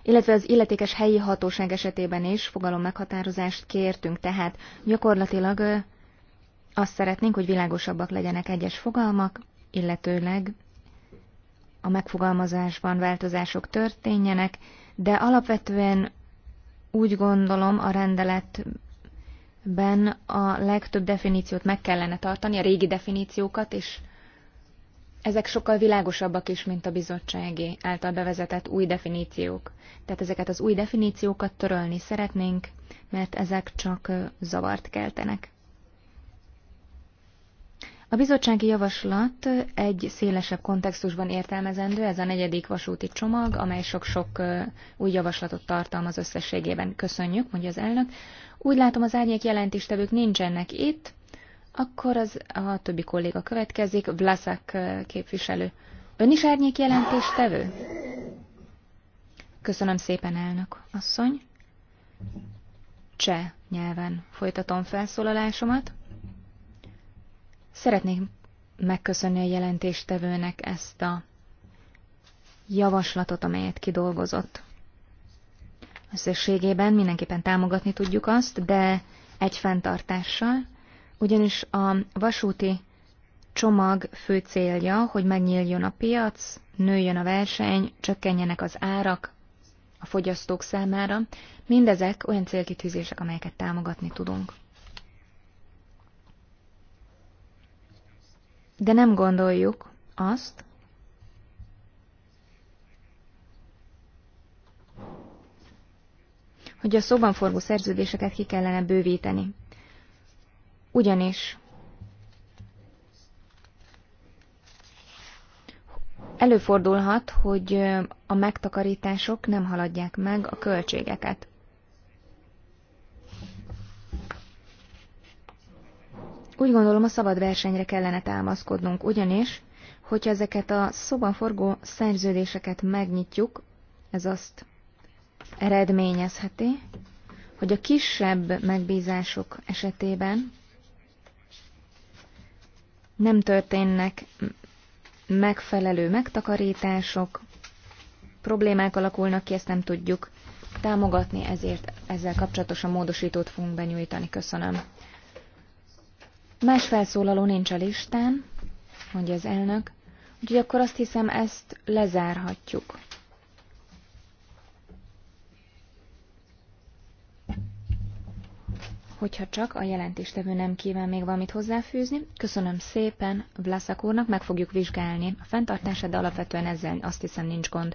illetve az illetékes helyi hatóság esetében is fogalom meghatározást kértünk, tehát gyakorlatilag azt szeretnénk, hogy világosabbak legyenek egyes fogalmak, illetőleg a megfogalmazásban változások történjenek, de alapvetően úgy gondolom a rendelet ben a legtöbb definíciót meg kellene tartani, a régi definíciókat, és ezek sokkal világosabbak is, mint a bizottsági által bevezetett új definíciók. Tehát ezeket az új definíciókat törölni szeretnénk, mert ezek csak zavart keltenek. A bizottsági javaslat egy szélesebb kontextusban értelmezendő, ez a negyedik vasúti csomag, amely sok-sok új javaslatot tartalmaz összességében. Köszönjük, mondja az elnök. Úgy látom, az árnyék jelentéstevők nincsenek itt, akkor az a többi kolléga következik, Vlaszak képviselő. Ön is árnyék jelentéstevő? Köszönöm szépen, elnök asszony. Cseh nyelven folytatom felszólalásomat. Szeretnék megköszönni a jelentéstevőnek ezt a javaslatot, amelyet kidolgozott. Összességében mindenképpen támogatni tudjuk azt, de egy fenntartással, ugyanis a vasúti csomag fő célja, hogy megnyíljon a piac, nőjön a verseny, csökkenjenek az árak a fogyasztók számára. Mindezek olyan célkitűzések, amelyeket támogatni tudunk. de nem gondoljuk azt, hogy a szóban forgó szerződéseket ki kellene bővíteni. Ugyanis előfordulhat, hogy a megtakarítások nem haladják meg a költségeket. Úgy gondolom, a szabad versenyre kellene támaszkodnunk, ugyanis, hogyha ezeket a szóban forgó szerződéseket megnyitjuk, ez azt eredményezheti, hogy a kisebb megbízások esetében nem történnek megfelelő megtakarítások, problémák alakulnak ki, ezt nem tudjuk támogatni, ezért ezzel kapcsolatosan módosítót fogunk benyújtani. Köszönöm. Más felszólaló nincs a listán, mondja az elnök, úgyhogy akkor azt hiszem ezt lezárhatjuk. Hogyha csak a jelentéstevő nem kíván még valamit hozzáfűzni, köszönöm szépen Vlaszak úrnak, meg fogjuk vizsgálni a fenntartását, de alapvetően ezzel azt hiszem nincs gond.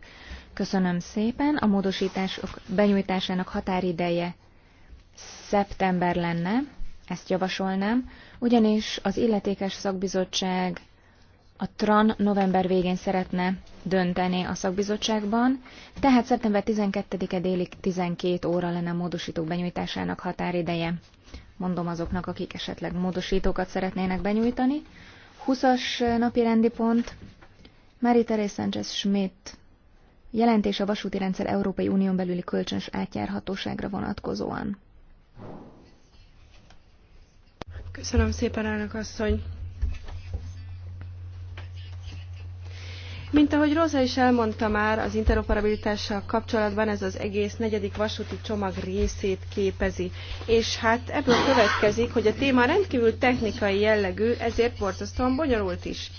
Köszönöm szépen, a módosítások benyújtásának határideje szeptember lenne, ezt javasolnám ugyanis az illetékes szakbizottság a TRAN november végén szeretne dönteni a szakbizottságban, tehát szeptember 12-e délig 12 óra lenne a módosítók benyújtásának határideje. Mondom azoknak, akik esetleg módosítókat szeretnének benyújtani. 20-as napi rendi pont. Mary Therese Sanchez Schmidt jelentés a vasúti rendszer Európai Unión belüli kölcsönös átjárhatóságra vonatkozóan. Köszönöm szépen, elnök asszony. Mint ahogy Rosa is elmondta már, az interoperabilitással kapcsolatban ez az egész negyedik vasúti csomag részét képezi. És hát ebből következik, hogy a téma rendkívül technikai jellegű, ezért borzasztóan bonyolult is.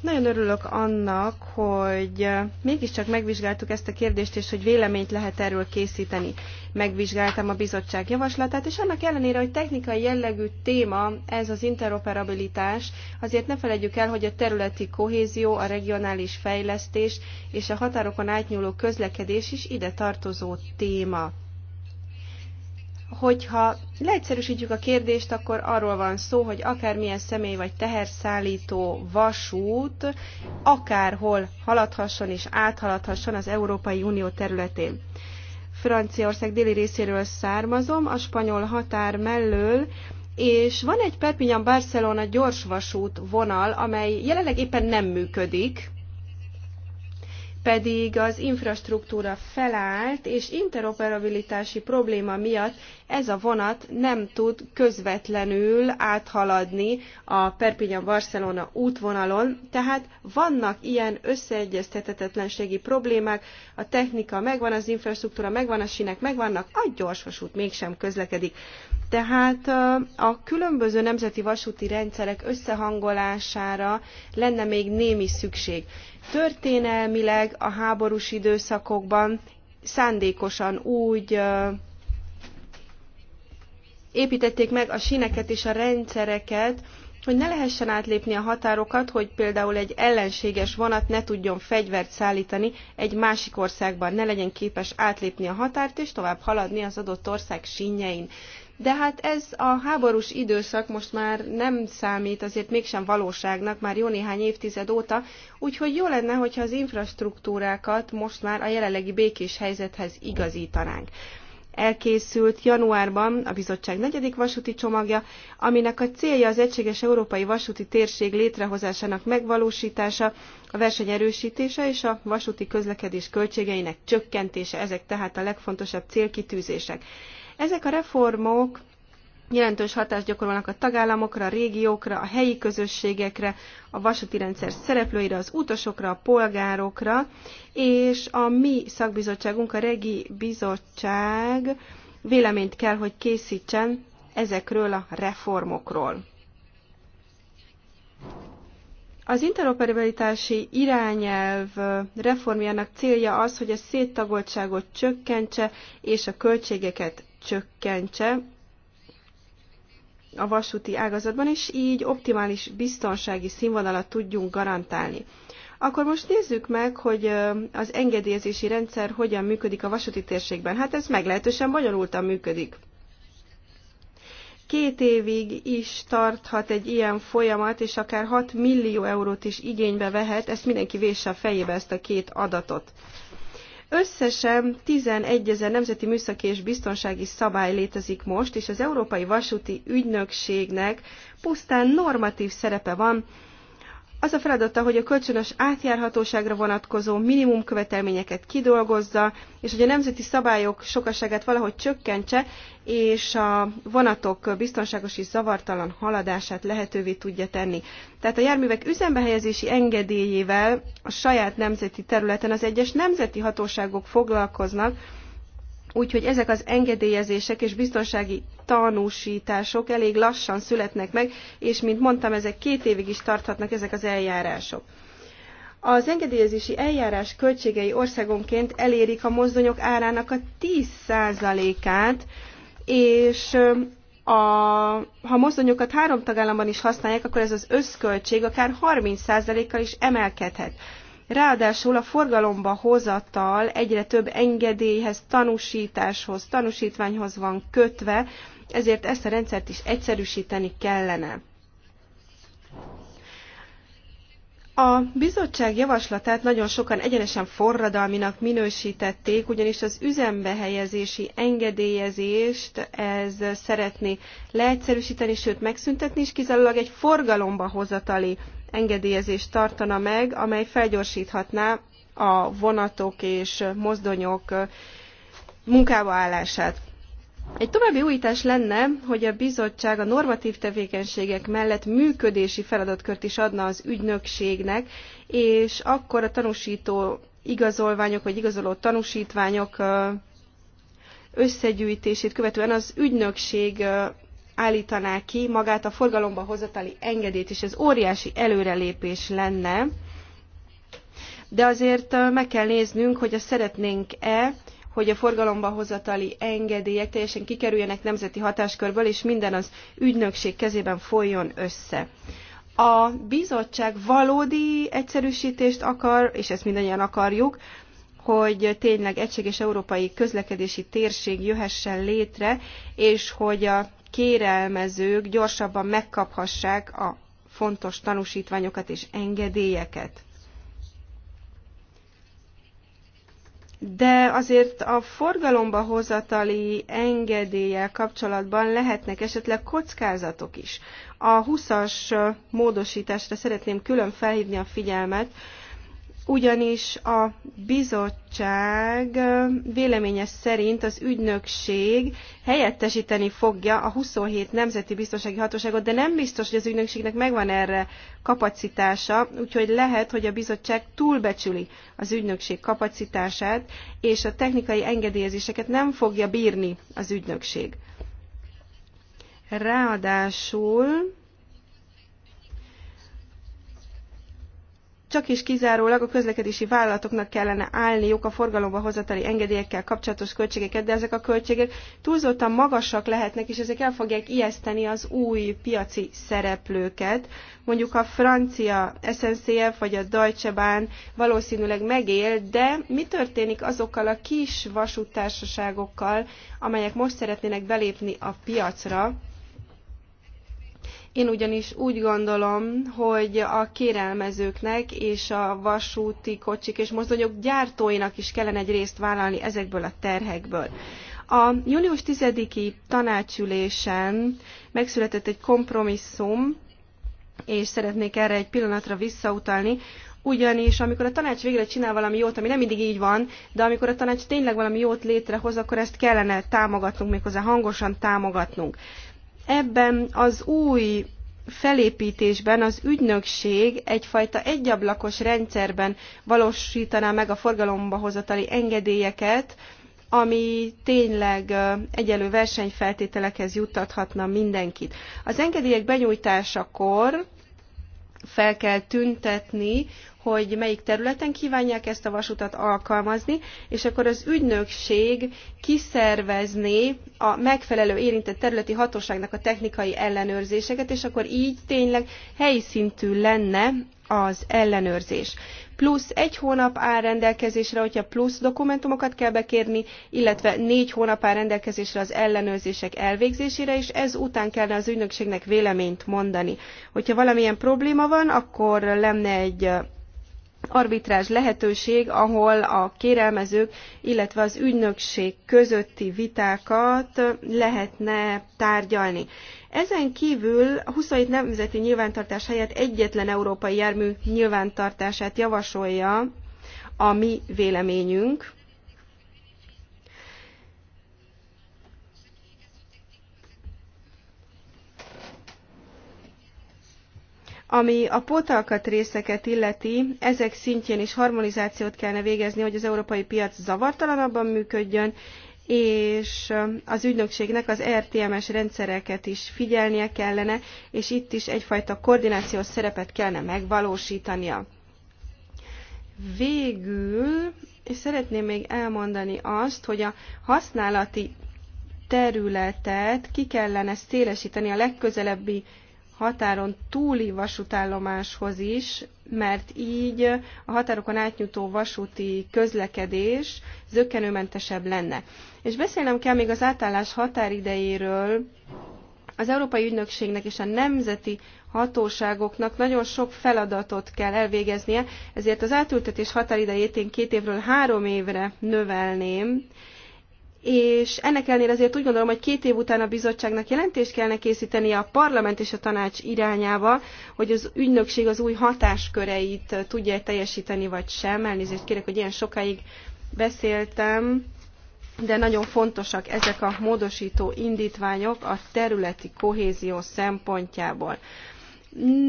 Nagyon örülök annak, hogy eh, mégiscsak megvizsgáltuk ezt a kérdést, és hogy véleményt lehet erről készíteni. Megvizsgáltam a bizottság javaslatát, és annak ellenére, hogy technikai jellegű téma ez az interoperabilitás, azért ne felejtjük el, hogy a területi kohézió, a regionális fejlesztés és a határokon átnyúló közlekedés is ide tartozó téma. Hogyha leegyszerűsítjük a kérdést, akkor arról van szó, hogy akármilyen személy vagy teherszállító vasút akárhol haladhasson és áthaladhasson az Európai Unió területén. Franciaország déli részéről származom, a spanyol határ mellől, és van egy Perpignan-Barcelona gyorsvasút vonal, amely jelenleg éppen nem működik, pedig az infrastruktúra felállt, és interoperabilitási probléma miatt ez a vonat nem tud közvetlenül áthaladni a Perpignan-Barcelona útvonalon, tehát vannak ilyen összeegyeztethetetlenségi problémák, a technika megvan, az infrastruktúra megvan, a sinek megvannak, a gyorsvasút mégsem közlekedik. Tehát a különböző nemzeti vasúti rendszerek összehangolására lenne még némi szükség. Történelmileg a háborús időszakokban szándékosan úgy építették meg a sineket és a rendszereket, hogy ne lehessen átlépni a határokat, hogy például egy ellenséges vonat ne tudjon fegyvert szállítani egy másik országban, ne legyen képes átlépni a határt és tovább haladni az adott ország sínjein de hát ez a háborús időszak most már nem számít azért mégsem valóságnak, már jó néhány évtized óta, úgyhogy jó lenne, hogyha az infrastruktúrákat most már a jelenlegi békés helyzethez igazítanánk elkészült januárban a bizottság negyedik vasúti csomagja, aminek a célja az egységes európai vasúti térség létrehozásának megvalósítása, a verseny erősítése és a vasúti közlekedés költségeinek csökkentése, ezek tehát a legfontosabb célkitűzések. Ezek a reformok jelentős hatást gyakorolnak a tagállamokra, a régiókra, a helyi közösségekre, a vasúti rendszer szereplőire, az utasokra, a polgárokra, és a mi szakbizottságunk, a Regi Bizottság véleményt kell, hogy készítsen ezekről a reformokról. Az interoperabilitási irányelv reformjának célja az, hogy a széttagoltságot csökkentse és a költségeket csökkentse a vasúti ágazatban, és így optimális biztonsági színvonalat tudjunk garantálni. Akkor most nézzük meg, hogy az engedélyezési rendszer hogyan működik a vasúti térségben. Hát ez meglehetősen bonyolultan működik. Két évig is tarthat egy ilyen folyamat, és akár 6 millió eurót is igénybe vehet, ezt mindenki vésse a fejébe ezt a két adatot. Összesen 11 ezer nemzeti műszaki és biztonsági szabály létezik most, és az Európai Vasúti Ügynökségnek pusztán normatív szerepe van az a feladata, hogy a kölcsönös átjárhatóságra vonatkozó minimum követelményeket kidolgozza, és hogy a nemzeti szabályok sokaságát valahogy csökkentse, és a vonatok biztonságos és zavartalan haladását lehetővé tudja tenni. Tehát a járművek üzembehelyezési engedélyével a saját nemzeti területen az egyes nemzeti hatóságok foglalkoznak, úgyhogy ezek az engedélyezések és biztonsági tanúsítások elég lassan születnek meg, és mint mondtam, ezek két évig is tarthatnak ezek az eljárások. Az engedélyezési eljárás költségei országonként elérik a mozdonyok árának a 10%-át, és a, ha mozdonyokat három tagállamban is használják, akkor ez az összköltség akár 30%-kal is emelkedhet. Ráadásul a forgalomba hozatal egyre több engedélyhez, tanúsításhoz, tanúsítványhoz van kötve, ezért ezt a rendszert is egyszerűsíteni kellene. A bizottság javaslatát nagyon sokan egyenesen forradalminak minősítették, ugyanis az üzembe helyezési engedélyezést ez szeretné leegyszerűsíteni, sőt megszüntetni, és kizárólag egy forgalomba hozatali engedélyezést tartana meg, amely felgyorsíthatná a vonatok és mozdonyok munkába állását. Egy további újítás lenne, hogy a bizottság a normatív tevékenységek mellett működési feladatkört is adna az ügynökségnek, és akkor a tanúsító igazolványok vagy igazoló tanúsítványok összegyűjtését követően az ügynökség állítaná ki magát a forgalomba hozatali engedélyt, és ez óriási előrelépés lenne. De azért meg kell néznünk, hogy a szeretnénk-e hogy a forgalomba hozatali engedélyek teljesen kikerüljenek nemzeti hatáskörből, és minden az ügynökség kezében folyjon össze. A bizottság valódi egyszerűsítést akar, és ezt mindannyian akarjuk, hogy tényleg egységes európai közlekedési térség jöhessen létre, és hogy a kérelmezők gyorsabban megkaphassák a fontos tanúsítványokat és engedélyeket. de azért a forgalomba hozatali engedéllyel kapcsolatban lehetnek esetleg kockázatok is. A 20-as módosításra szeretném külön felhívni a figyelmet, ugyanis a bizottság véleménye szerint az ügynökség helyettesíteni fogja a 27 nemzeti biztonsági hatóságot, de nem biztos, hogy az ügynökségnek megvan erre kapacitása, úgyhogy lehet, hogy a bizottság túlbecsüli az ügynökség kapacitását, és a technikai engedélyezéseket nem fogja bírni az ügynökség. Ráadásul csak is kizárólag a közlekedési vállalatoknak kellene állniuk a forgalomba hozatali engedélyekkel kapcsolatos költségeket, de ezek a költségek túlzottan magasak lehetnek, és ezek el fogják ijeszteni az új piaci szereplőket. Mondjuk a francia SNCF vagy a Deutsche Bahn valószínűleg megél, de mi történik azokkal a kis vasúttársaságokkal, amelyek most szeretnének belépni a piacra, én ugyanis úgy gondolom, hogy a kérelmezőknek és a vasúti kocsik és mozdonyok gyártóinak is kellene egy részt vállalni ezekből a terhekből. A június 10-i tanácsülésen megszületett egy kompromisszum, és szeretnék erre egy pillanatra visszautalni, ugyanis amikor a tanács végre csinál valami jót, ami nem mindig így van, de amikor a tanács tényleg valami jót létrehoz, akkor ezt kellene támogatnunk, méghozzá hangosan támogatnunk. Ebben az új felépítésben az ügynökség egyfajta egyablakos rendszerben valósítaná meg a forgalomba hozatali engedélyeket, ami tényleg egyelő versenyfeltételekhez juttathatna mindenkit. Az engedélyek benyújtásakor fel kell tüntetni, hogy melyik területen kívánják ezt a vasutat alkalmazni, és akkor az ügynökség kiszervezné a megfelelő érintett területi hatóságnak a technikai ellenőrzéseket, és akkor így tényleg helyszintű lenne az ellenőrzés. Plusz egy hónap áll rendelkezésre, hogyha plusz dokumentumokat kell bekérni, illetve négy hónap áll rendelkezésre az ellenőrzések elvégzésére, és ez után kellene az ügynökségnek véleményt mondani. Hogyha valamilyen probléma van, akkor lenne egy arbitrázs lehetőség, ahol a kérelmezők, illetve az ügynökség közötti vitákat lehetne tárgyalni. Ezen kívül 27 nemzeti nyilvántartás helyett egyetlen európai jármű nyilvántartását javasolja a mi véleményünk, Ami a pótalkat részeket illeti, ezek szintjén is harmonizációt kellene végezni, hogy az európai piac zavartalanabban működjön, és az ügynökségnek az RTMS rendszereket is figyelnie kellene, és itt is egyfajta koordinációs szerepet kellene megvalósítania. Végül és szeretném még elmondani azt, hogy a használati területet ki kellene szélesíteni a legközelebbi határon túli vasútállomáshoz is, mert így a határokon átnyújtó vasúti közlekedés zöggenőmentesebb lenne. És beszélnem kell még az átállás határidejéről. Az Európai Ügynökségnek és a nemzeti hatóságoknak nagyon sok feladatot kell elvégeznie, ezért az átültetés határidejét én két évről három évre növelném, és ennek ellenére azért úgy gondolom, hogy két év után a bizottságnak jelentést kellene készítenie a parlament és a tanács irányába, hogy az ügynökség az új hatásköreit tudja teljesíteni vagy sem. Elnézést kérek, hogy ilyen sokáig beszéltem, de nagyon fontosak ezek a módosító indítványok a területi kohézió szempontjából.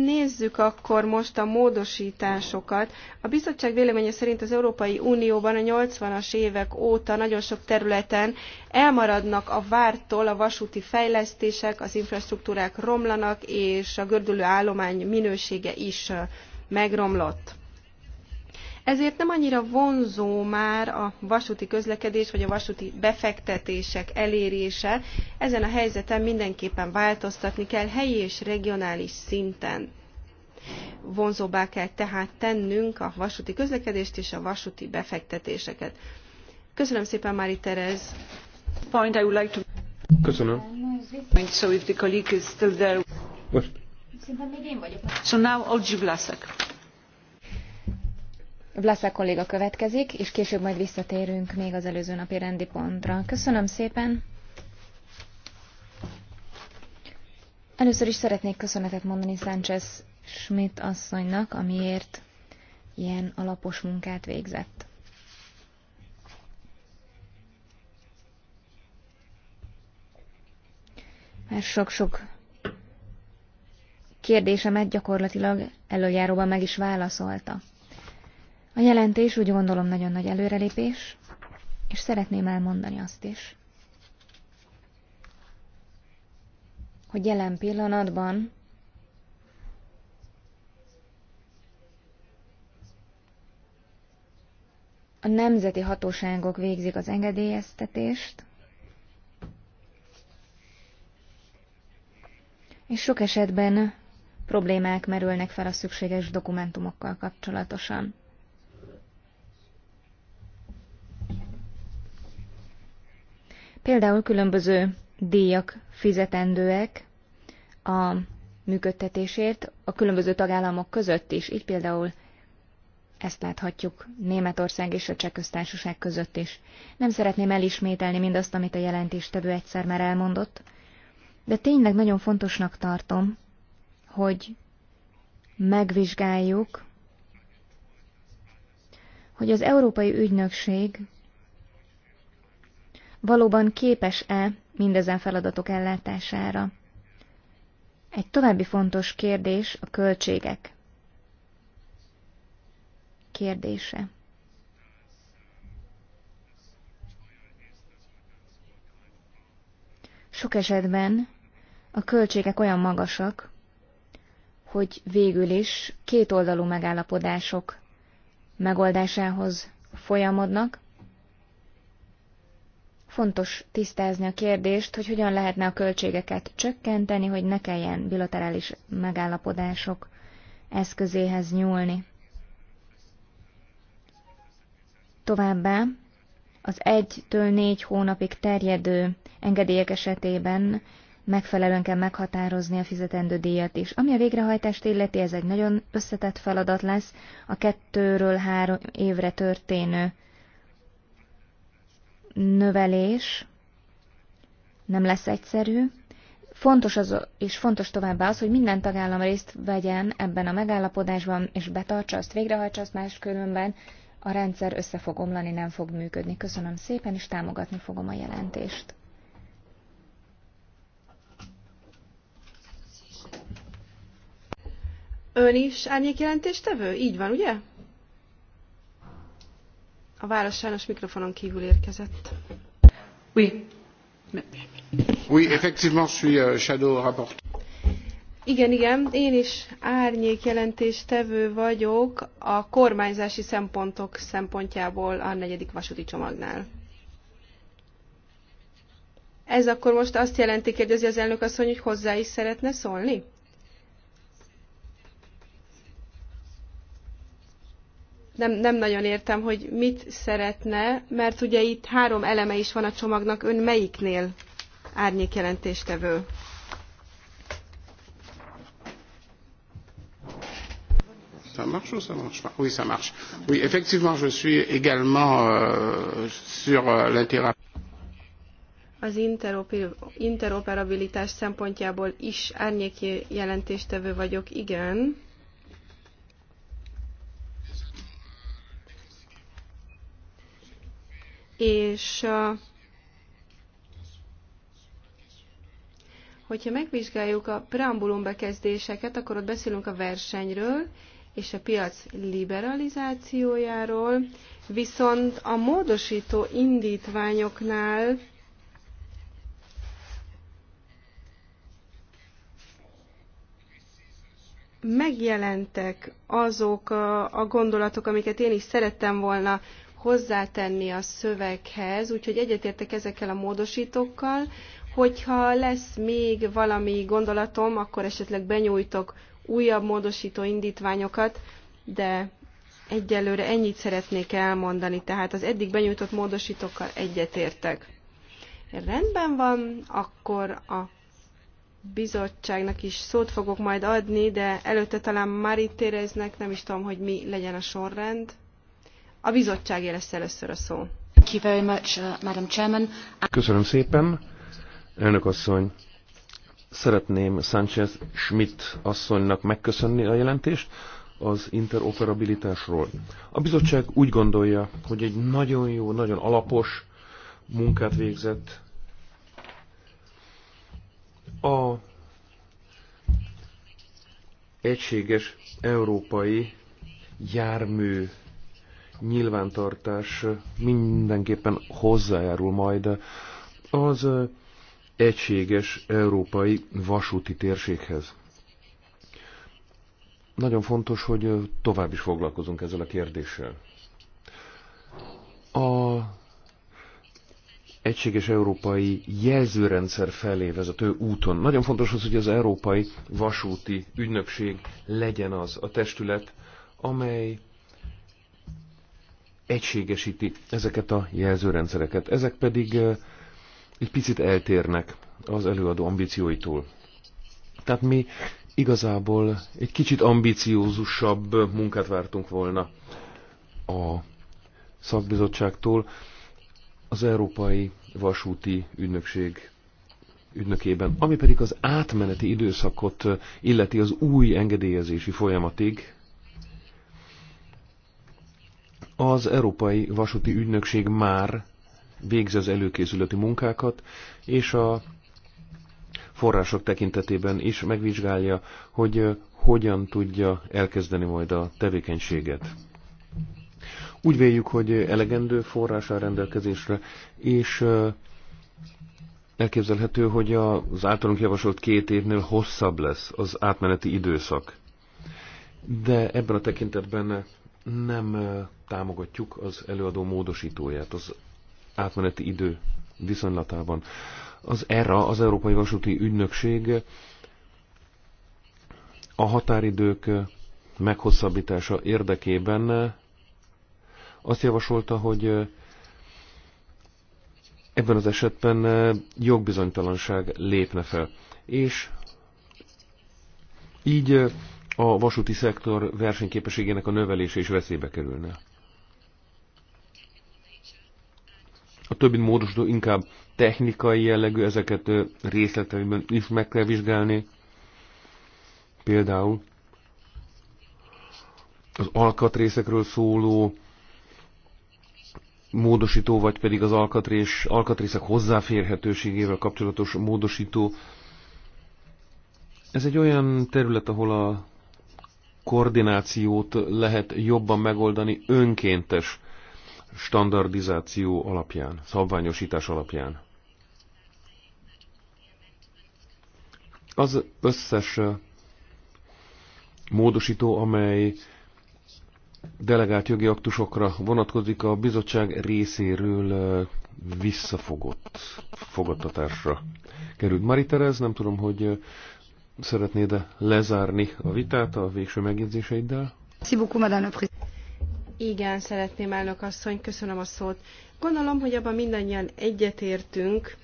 Nézzük akkor most a módosításokat. A bizottság véleménye szerint az Európai Unióban a 80-as évek óta nagyon sok területen elmaradnak a vártól a vasúti fejlesztések, az infrastruktúrák romlanak, és a gördülő állomány minősége is megromlott. Ezért nem annyira vonzó már a vasúti közlekedés vagy a vasúti befektetések elérése. Ezen a helyzeten mindenképpen változtatni kell helyi és regionális szinten. Vonzóbbá kell tehát tennünk a vasúti közlekedést és a vasúti befektetéseket. Köszönöm szépen, Mári Terez. Point I would like to... Köszönöm. So if the colleague is still there... Most. Szerintem még én vagyok. So now Olgi Vlaszek. Vlasza kolléga következik, és később majd visszatérünk még az előző napi rendi pontra. Köszönöm szépen! Először is szeretnék köszönetet mondani Sánchez Schmidt asszonynak, amiért ilyen alapos munkát végzett. Mert sok-sok kérdésemet gyakorlatilag előjáróban meg is válaszolta. A jelentés úgy gondolom nagyon nagy előrelépés, és szeretném elmondani azt is, hogy jelen pillanatban a nemzeti hatóságok végzik az engedélyeztetést, és sok esetben problémák merülnek fel a szükséges dokumentumokkal kapcsolatosan. Például különböző díjak fizetendőek a működtetésért a különböző tagállamok között is, így például ezt láthatjuk Németország és a Cseh között is. Nem szeretném elismételni mindazt, amit a jelentéstevő egyszer már elmondott, de tényleg nagyon fontosnak tartom, hogy megvizsgáljuk, hogy az Európai Ügynökség valóban képes-e mindezen feladatok ellátására. Egy további fontos kérdés a költségek kérdése. Sok esetben a költségek olyan magasak, hogy végül is kétoldalú megállapodások megoldásához folyamodnak, Fontos tisztázni a kérdést, hogy hogyan lehetne a költségeket csökkenteni, hogy ne kelljen bilaterális megállapodások eszközéhez nyúlni. Továbbá az 1-től 4 hónapig terjedő engedélyek esetében megfelelően kell meghatározni a fizetendő díjat is. Ami a végrehajtást illeti, ez egy nagyon összetett feladat lesz, a kettőről három évre történő növelés nem lesz egyszerű. Fontos az, és fontos továbbá az, hogy minden tagállam részt vegyen ebben a megállapodásban, és betartsa azt, végrehajtsa azt máskülönben, a rendszer össze fog omlani, nem fog működni. Köszönöm szépen, és támogatni fogom a jelentést. Ön is tevő? Így van, ugye? A válasz sajnos mikrofonon kívül érkezett. Oui. Oui, effectivement, je suis euh, shadow rapporteur. Igen, igen, én is árnyék jelentéstevő vagyok a kormányzási szempontok szempontjából a negyedik vasúti csomagnál. Ez akkor most azt jelenti, kérdezi az elnök asszony, hogy hozzá is szeretne szólni? nem, nem nagyon értem, hogy mit szeretne, mert ugye itt három eleme is van a csomagnak, ön melyiknél árnyék jelentéstevő? Ça marche ou ça marche pas Oui, ça marche. Oui, effectivement, je suis également euh, sur euh, l'intérêt. Az interoperabilitás szempontjából is árnyék jelentéstevő vagyok, igen. és hogyha megvizsgáljuk a preambulum bekezdéseket, akkor ott beszélünk a versenyről és a piac liberalizációjáról, viszont a módosító indítványoknál megjelentek azok a, a gondolatok, amiket én is szerettem volna hozzátenni a szöveghez, úgyhogy egyetértek ezekkel a módosítókkal. Hogyha lesz még valami gondolatom, akkor esetleg benyújtok újabb módosító indítványokat, de egyelőre ennyit szeretnék elmondani, tehát az eddig benyújtott módosítókkal egyetértek. Rendben van, akkor a bizottságnak is szót fogok majd adni, de előtte talán Mari éreznek, nem is tudom, hogy mi legyen a sorrend. A bizottságé lesz először a szó. Uh, Köszönöm szépen, elnök asszony. Szeretném Sánchez Schmidt asszonynak megköszönni a jelentést az interoperabilitásról. A bizottság úgy gondolja, hogy egy nagyon jó, nagyon alapos munkát végzett. A egységes európai jármű nyilvántartás mindenképpen hozzájárul majd az egységes európai vasúti térséghez. Nagyon fontos, hogy tovább is foglalkozunk ezzel a kérdéssel. A egységes európai jelzőrendszer felé vezető úton. Nagyon fontos az, hogy az Európai Vasúti Ügynökség legyen az a testület, amely egységesíti ezeket a jelzőrendszereket. Ezek pedig egy picit eltérnek az előadó ambícióitól. Tehát mi igazából egy kicsit ambiciózusabb munkát vártunk volna a szakbizottságtól. Az Európai Vasúti Ügynökség ügynökében, ami pedig az átmeneti időszakot illeti az új engedélyezési folyamatig, az Európai Vasúti Ügynökség már végzi az előkészületi munkákat, és a források tekintetében is megvizsgálja, hogy hogyan tudja elkezdeni majd a tevékenységet. Úgy véljük, hogy elegendő forrás áll rendelkezésre, és elképzelhető, hogy az általunk javasolt két évnél hosszabb lesz az átmeneti időszak. De ebben a tekintetben nem támogatjuk az előadó módosítóját az átmeneti idő viszonylatában. Az ERA, az Európai Vasúti Ügynökség a határidők meghosszabbítása érdekében azt javasolta, hogy ebben az esetben jogbizonytalanság lépne fel. És így a vasúti szektor versenyképességének a növelése is veszélybe kerülne. A többi módosító inkább technikai jellegű, ezeket részleteiben is meg kell vizsgálni. Például az alkatrészekről szóló módosító, vagy pedig az alkatrész, alkatrészek hozzáférhetőségével kapcsolatos módosító. Ez egy olyan terület, ahol a koordinációt lehet jobban megoldani önkéntes standardizáció alapján, szabványosítás alapján. Az összes módosító, amely delegált jogi aktusokra vonatkozik a bizottság részéről visszafogott fogadtatásra került. Mari Terez, nem tudom, hogy szeretnéd -e lezárni a vitát a végső megjegyzéseiddel? Igen, szeretném, elnök asszony, köszönöm a szót. Gondolom, hogy abban mindannyian egyetértünk,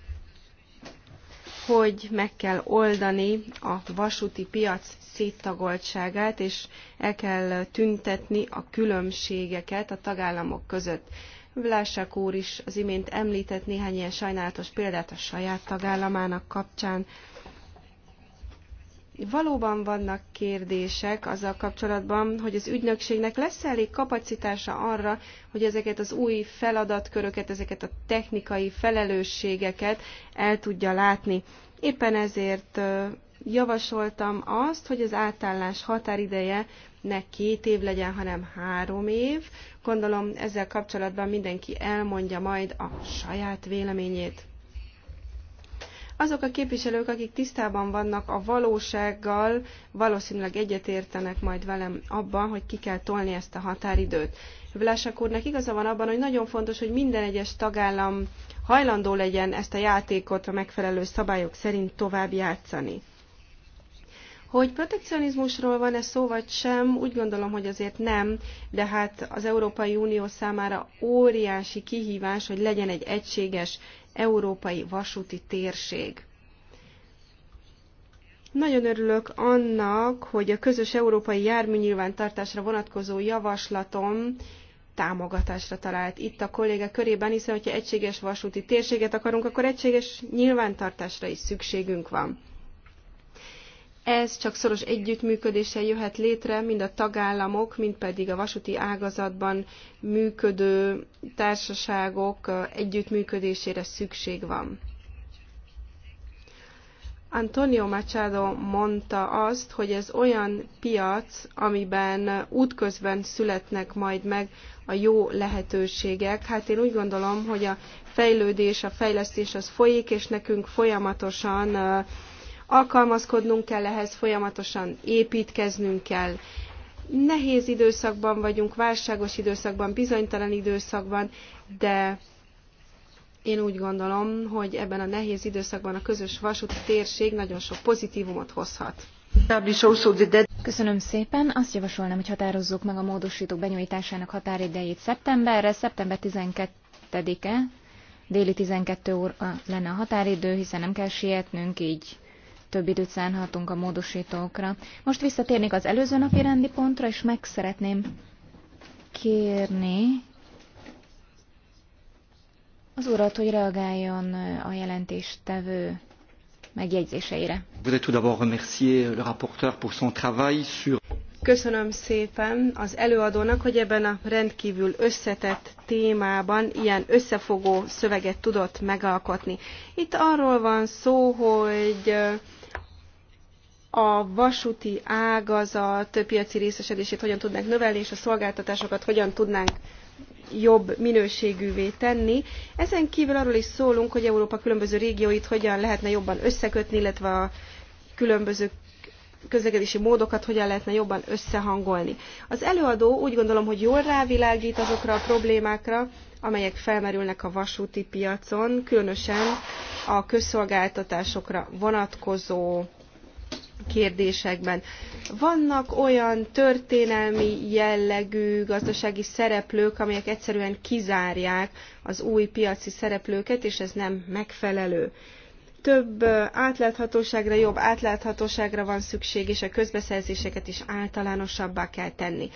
hogy meg kell oldani a vasúti piac széttagoltságát, és el kell tüntetni a különbségeket a tagállamok között. Lássák úr is az imént említett néhány ilyen sajnálatos példát a saját tagállamának kapcsán. Valóban vannak kérdések azzal kapcsolatban, hogy az ügynökségnek lesz elég kapacitása arra, hogy ezeket az új feladatköröket, ezeket a technikai felelősségeket el tudja látni. Éppen ezért javasoltam azt, hogy az átállás határideje ne két év legyen, hanem három év. Gondolom ezzel kapcsolatban mindenki elmondja majd a saját véleményét. Azok a képviselők, akik tisztában vannak a valósággal, valószínűleg egyetértenek majd velem abban, hogy ki kell tolni ezt a határidőt. Vlasák úrnak igaza van abban, hogy nagyon fontos, hogy minden egyes tagállam hajlandó legyen ezt a játékot a megfelelő szabályok szerint tovább játszani. Hogy protekcionizmusról van-e szó vagy sem, úgy gondolom, hogy azért nem, de hát az Európai Unió számára óriási kihívás, hogy legyen egy egységes európai vasúti térség. Nagyon örülök annak, hogy a közös európai járműnyilvántartásra vonatkozó javaslatom támogatásra talált itt a kolléga körében, hiszen hogyha egységes vasúti térséget akarunk, akkor egységes nyilvántartásra is szükségünk van. Ez csak szoros együttműködéssel jöhet létre, mind a tagállamok, mind pedig a vasúti ágazatban működő társaságok együttműködésére szükség van. Antonio Machado mondta azt, hogy ez olyan piac, amiben útközben születnek majd meg a jó lehetőségek. Hát én úgy gondolom, hogy a fejlődés, a fejlesztés az folyik, és nekünk folyamatosan alkalmazkodnunk kell ehhez, folyamatosan építkeznünk kell. Nehéz időszakban vagyunk, válságos időszakban, bizonytalan időszakban, de én úgy gondolom, hogy ebben a nehéz időszakban a közös vasúti térség nagyon sok pozitívumot hozhat. Köszönöm szépen. Azt javasolnám, hogy határozzuk meg a módosítók benyújtásának határidejét szeptemberre. Szeptember 12-e déli 12 óra lenne a határidő, hiszen nem kell sietnünk, így több időt szánhatunk a módosítókra. Most visszatérnék az előző napi rendi pontra, és meg szeretném kérni az urat, hogy reagáljon eh, a jelentéstevő megjegyzéseire. Köszönöm szépen az előadónak, hogy ebben a rendkívül összetett témában ilyen összefogó szöveget tudott megalkotni. Itt arról van szó, hogy eh, a vasúti ágazat piaci részesedését hogyan tudnánk növelni, és a szolgáltatásokat hogyan tudnánk jobb minőségűvé tenni. Ezen kívül arról is szólunk, hogy Európa különböző régióit hogyan lehetne jobban összekötni, illetve a különböző közlekedési módokat hogyan lehetne jobban összehangolni. Az előadó úgy gondolom, hogy jól rávilágít azokra a problémákra, amelyek felmerülnek a vasúti piacon, különösen a közszolgáltatásokra vonatkozó kérdésekben. Vannak olyan történelmi jellegű gazdasági szereplők, amelyek egyszerűen kizárják az új piaci szereplőket, és ez nem megfelelő. Több átláthatóságra, jobb átláthatóságra van szükség, és a közbeszerzéseket is általánosabbá kell tenni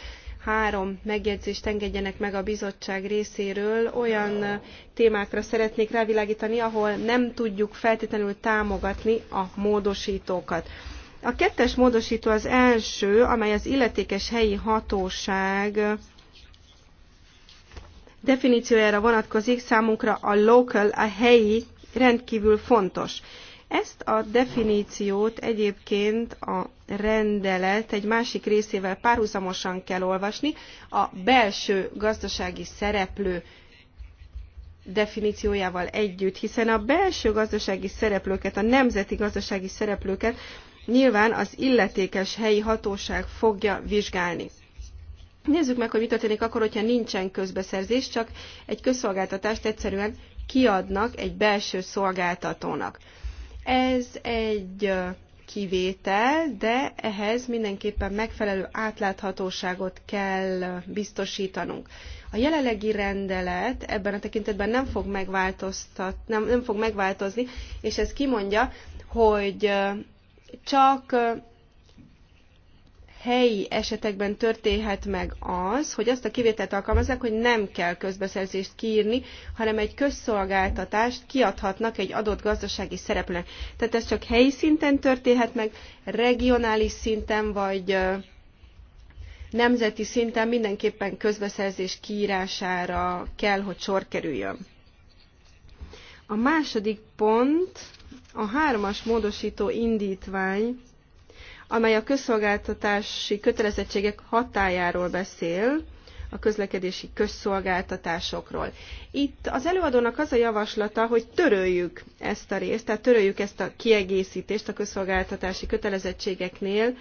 három megjegyzést engedjenek meg a bizottság részéről. Olyan témákra szeretnék rávilágítani, ahol nem tudjuk feltétlenül támogatni a módosítókat. A kettes módosító az első, amely az illetékes helyi hatóság definíciójára vonatkozik, számunkra a local, a helyi rendkívül fontos. Ezt a definíciót egyébként a rendelet egy másik részével párhuzamosan kell olvasni, a belső gazdasági szereplő definíciójával együtt, hiszen a belső gazdasági szereplőket, a nemzeti gazdasági szereplőket nyilván az illetékes helyi hatóság fogja vizsgálni. Nézzük meg, hogy mi történik akkor, hogyha nincsen közbeszerzés, csak egy közszolgáltatást egyszerűen kiadnak egy belső szolgáltatónak. Ez egy kivétel, de ehhez mindenképpen megfelelő átláthatóságot kell biztosítanunk. A jelenlegi rendelet ebben a tekintetben nem fog, megváltoztat, nem, nem fog megváltozni, és ez kimondja, hogy csak helyi esetekben történhet meg az, hogy azt a kivételt alkalmazzák, hogy nem kell közbeszerzést kiírni, hanem egy közszolgáltatást kiadhatnak egy adott gazdasági szereplőnek. Tehát ez csak helyi szinten történhet meg, regionális szinten vagy nemzeti szinten mindenképpen közbeszerzés kiírására kell, hogy sor kerüljön. A második pont a hármas módosító indítvány, amely a közszolgáltatási kötelezettségek hatájáról beszél, a közlekedési közszolgáltatásokról. Itt az előadónak az a javaslata, hogy töröljük ezt a részt, tehát töröljük ezt a kiegészítést a közszolgáltatási kötelezettségeknél,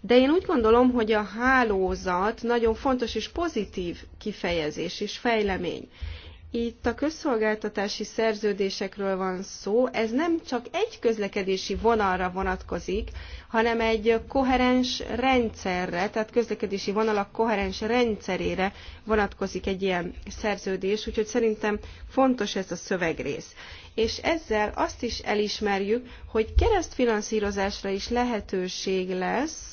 de én úgy gondolom, hogy a hálózat nagyon fontos és pozitív kifejezés és fejlemény. Itt a közszolgáltatási szerződésekről van szó, ez nem csak egy közlekedési vonalra vonatkozik, hanem egy koherens rendszerre, tehát közlekedési vonalak koherens rendszerére vonatkozik egy ilyen szerződés, úgyhogy szerintem fontos ez a szövegrész. És ezzel azt is elismerjük, hogy keresztfinanszírozásra is lehetőség lesz,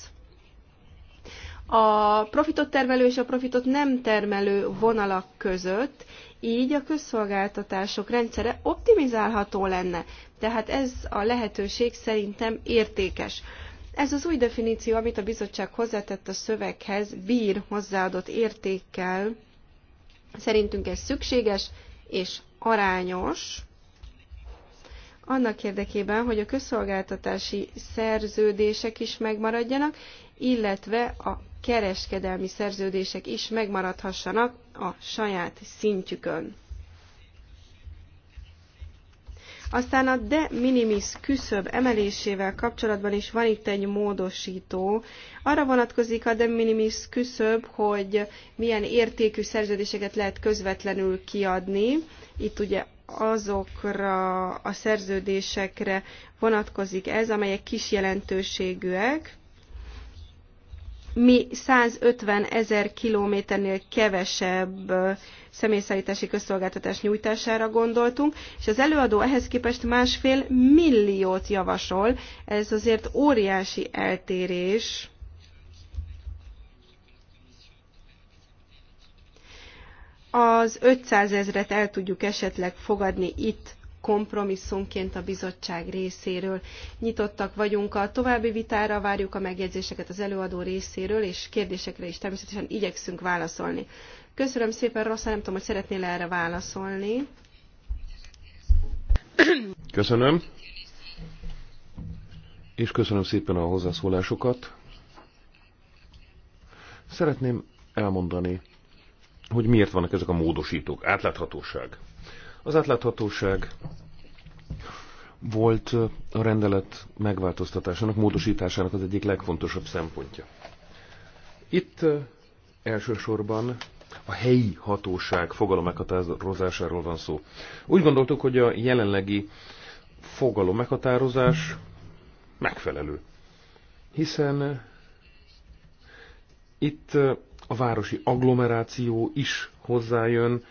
a profitot termelő és a profitot nem termelő vonalak között, így a közszolgáltatások rendszere optimizálható lenne. Tehát ez a lehetőség szerintem értékes. Ez az új definíció, amit a bizottság hozzátett a szöveghez, bír hozzáadott értékkel. Szerintünk ez szükséges és arányos, annak érdekében, hogy a közszolgáltatási szerződések is megmaradjanak, illetve a kereskedelmi szerződések is megmaradhassanak a saját szintjükön. Aztán a de minimis küszöb emelésével kapcsolatban is van itt egy módosító. Arra vonatkozik a de minimis küszöb, hogy milyen értékű szerződéseket lehet közvetlenül kiadni. Itt ugye azokra a szerződésekre vonatkozik ez, amelyek kis jelentőségűek, mi 150 ezer kilométernél kevesebb személyszállítási közszolgáltatás nyújtására gondoltunk, és az előadó ehhez képest másfél milliót javasol. Ez azért óriási eltérés. Az 500 ezret el tudjuk esetleg fogadni itt kompromisszumként a bizottság részéről. Nyitottak vagyunk a további vitára, várjuk a megjegyzéseket az előadó részéről, és kérdésekre is természetesen igyekszünk válaszolni. Köszönöm szépen, Rossza, nem tudom, hogy szeretnél erre válaszolni. Köszönöm. És köszönöm szépen a hozzászólásokat. Szeretném elmondani, hogy miért vannak ezek a módosítók. Átláthatóság. Az átláthatóság volt a rendelet megváltoztatásának, módosításának az egyik legfontosabb szempontja. Itt elsősorban a helyi hatóság fogalom meghatározásáról van szó. Úgy gondoltuk, hogy a jelenlegi fogalom meghatározás megfelelő, hiszen itt a városi agglomeráció is hozzájön,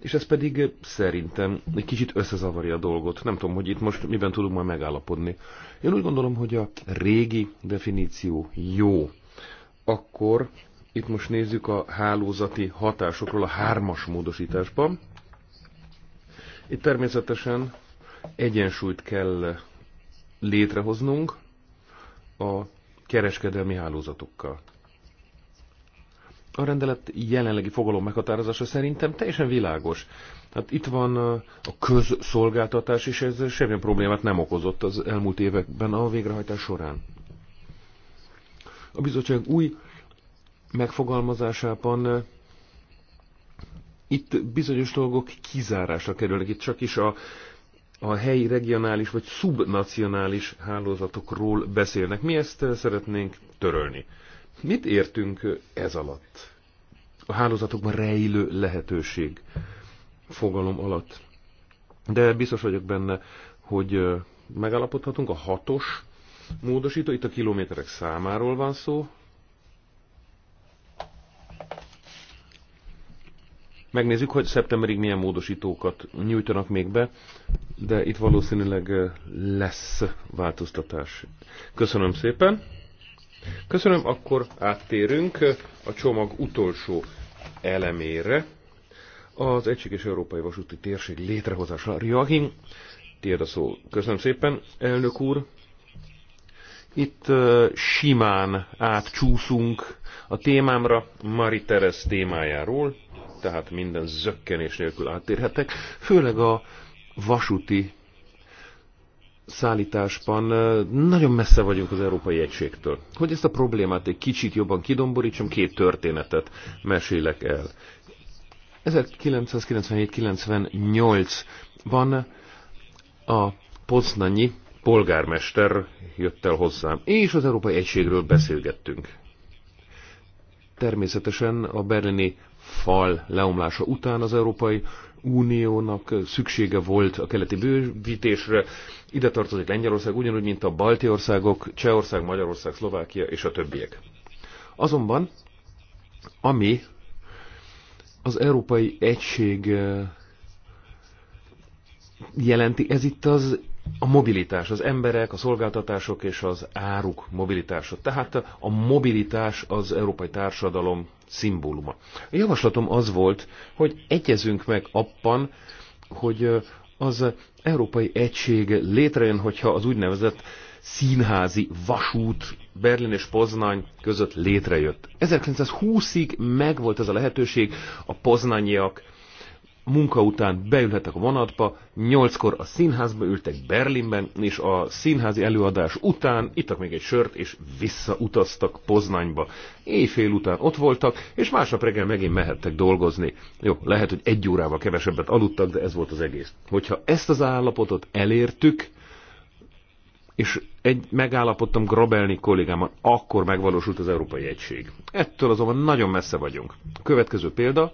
és ez pedig szerintem egy kicsit összezavarja a dolgot. Nem tudom, hogy itt most miben tudunk majd megállapodni. Én úgy gondolom, hogy a régi definíció jó. Akkor itt most nézzük a hálózati hatásokról a hármas módosításban. Itt természetesen egyensúlyt kell létrehoznunk a kereskedelmi hálózatokkal a rendelet jelenlegi fogalom meghatározása szerintem teljesen világos. Hát itt van a közszolgáltatás, és ez semmilyen problémát nem okozott az elmúlt években a végrehajtás során. A bizottság új megfogalmazásában itt bizonyos dolgok kizárásra kerülnek, itt csak is a, a helyi, regionális vagy szubnacionális hálózatokról beszélnek. Mi ezt szeretnénk törölni. Mit értünk ez alatt? A hálózatokban rejlő lehetőség fogalom alatt. De biztos vagyok benne, hogy megállapodhatunk a hatos módosító, itt a kilométerek számáról van szó. Megnézzük, hogy szeptemberig milyen módosítókat nyújtanak még be, de itt valószínűleg lesz változtatás. Köszönöm szépen! Köszönöm, akkor áttérünk a csomag utolsó elemére. Az Egységes Európai Vasúti Térség létrehozása. Riahim, tiéd a szó. Köszönöm szépen, elnök úr. Itt uh, simán átcsúszunk a témámra, Mari Teres témájáról, tehát minden zökkenés nélkül áttérhetek, főleg a vasúti szállításban nagyon messze vagyunk az Európai Egységtől. Hogy ezt a problémát egy kicsit jobban kidomborítsam, két történetet mesélek el. 1997-98-ban a poznanyi polgármester jött el hozzám, és az Európai Egységről beszélgettünk. Természetesen a berlini fal leomlása után az Európai Uniónak szüksége volt a keleti bővítésre, ide tartozik Lengyelország, ugyanúgy, mint a balti országok, Csehország, Magyarország, Szlovákia és a többiek. Azonban, ami az Európai Egység jelenti, ez itt az a mobilitás, az emberek, a szolgáltatások és az áruk mobilitása. Tehát a mobilitás az európai társadalom szimbóluma. A javaslatom az volt, hogy egyezünk meg abban, hogy az Európai Egység létrejön, hogyha az úgynevezett színházi vasút Berlin és Poznany között létrejött. 1920-ig megvolt ez a lehetőség, a poznanyiak a munka után beülhetek a vonatba, nyolckor a színházba ültek Berlinben, és a színházi előadás után ittak még egy sört, és visszautaztak Poznányba. Éjfél után ott voltak, és másnap reggel megint mehettek dolgozni. Jó, lehet, hogy egy órával kevesebbet aludtak, de ez volt az egész. Hogyha ezt az állapotot elértük, és egy, megállapodtam Grabelni kollégámmal, akkor megvalósult az Európai Egység. Ettől azonban nagyon messze vagyunk. A következő példa,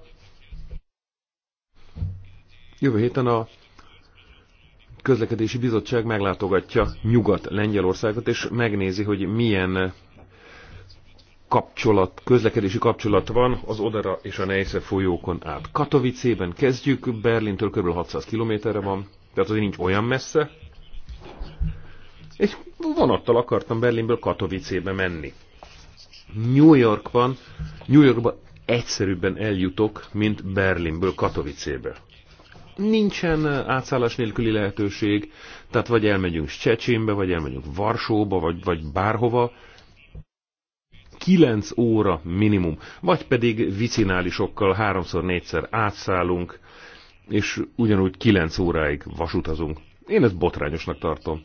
Jövő héten a közlekedési bizottság meglátogatja Nyugat-Lengyelországot, és megnézi, hogy milyen kapcsolat, közlekedési kapcsolat van az Odara és a Neisse folyókon át. Katowicében kezdjük, Berlintől kb. 600 kilométerre van, tehát azért nincs olyan messze. És vonattal akartam Berlinből Katowicébe menni. New Yorkban, New Yorkba egyszerűbben eljutok, mint Berlinből Katowicébe nincsen átszállás nélküli lehetőség, tehát vagy elmegyünk Csecsénbe, vagy elmegyünk Varsóba, vagy, vagy bárhova, 9 óra minimum, vagy pedig vicinálisokkal háromszor, négyszer átszállunk, és ugyanúgy 9 óráig vasutazunk. Én ezt botrányosnak tartom.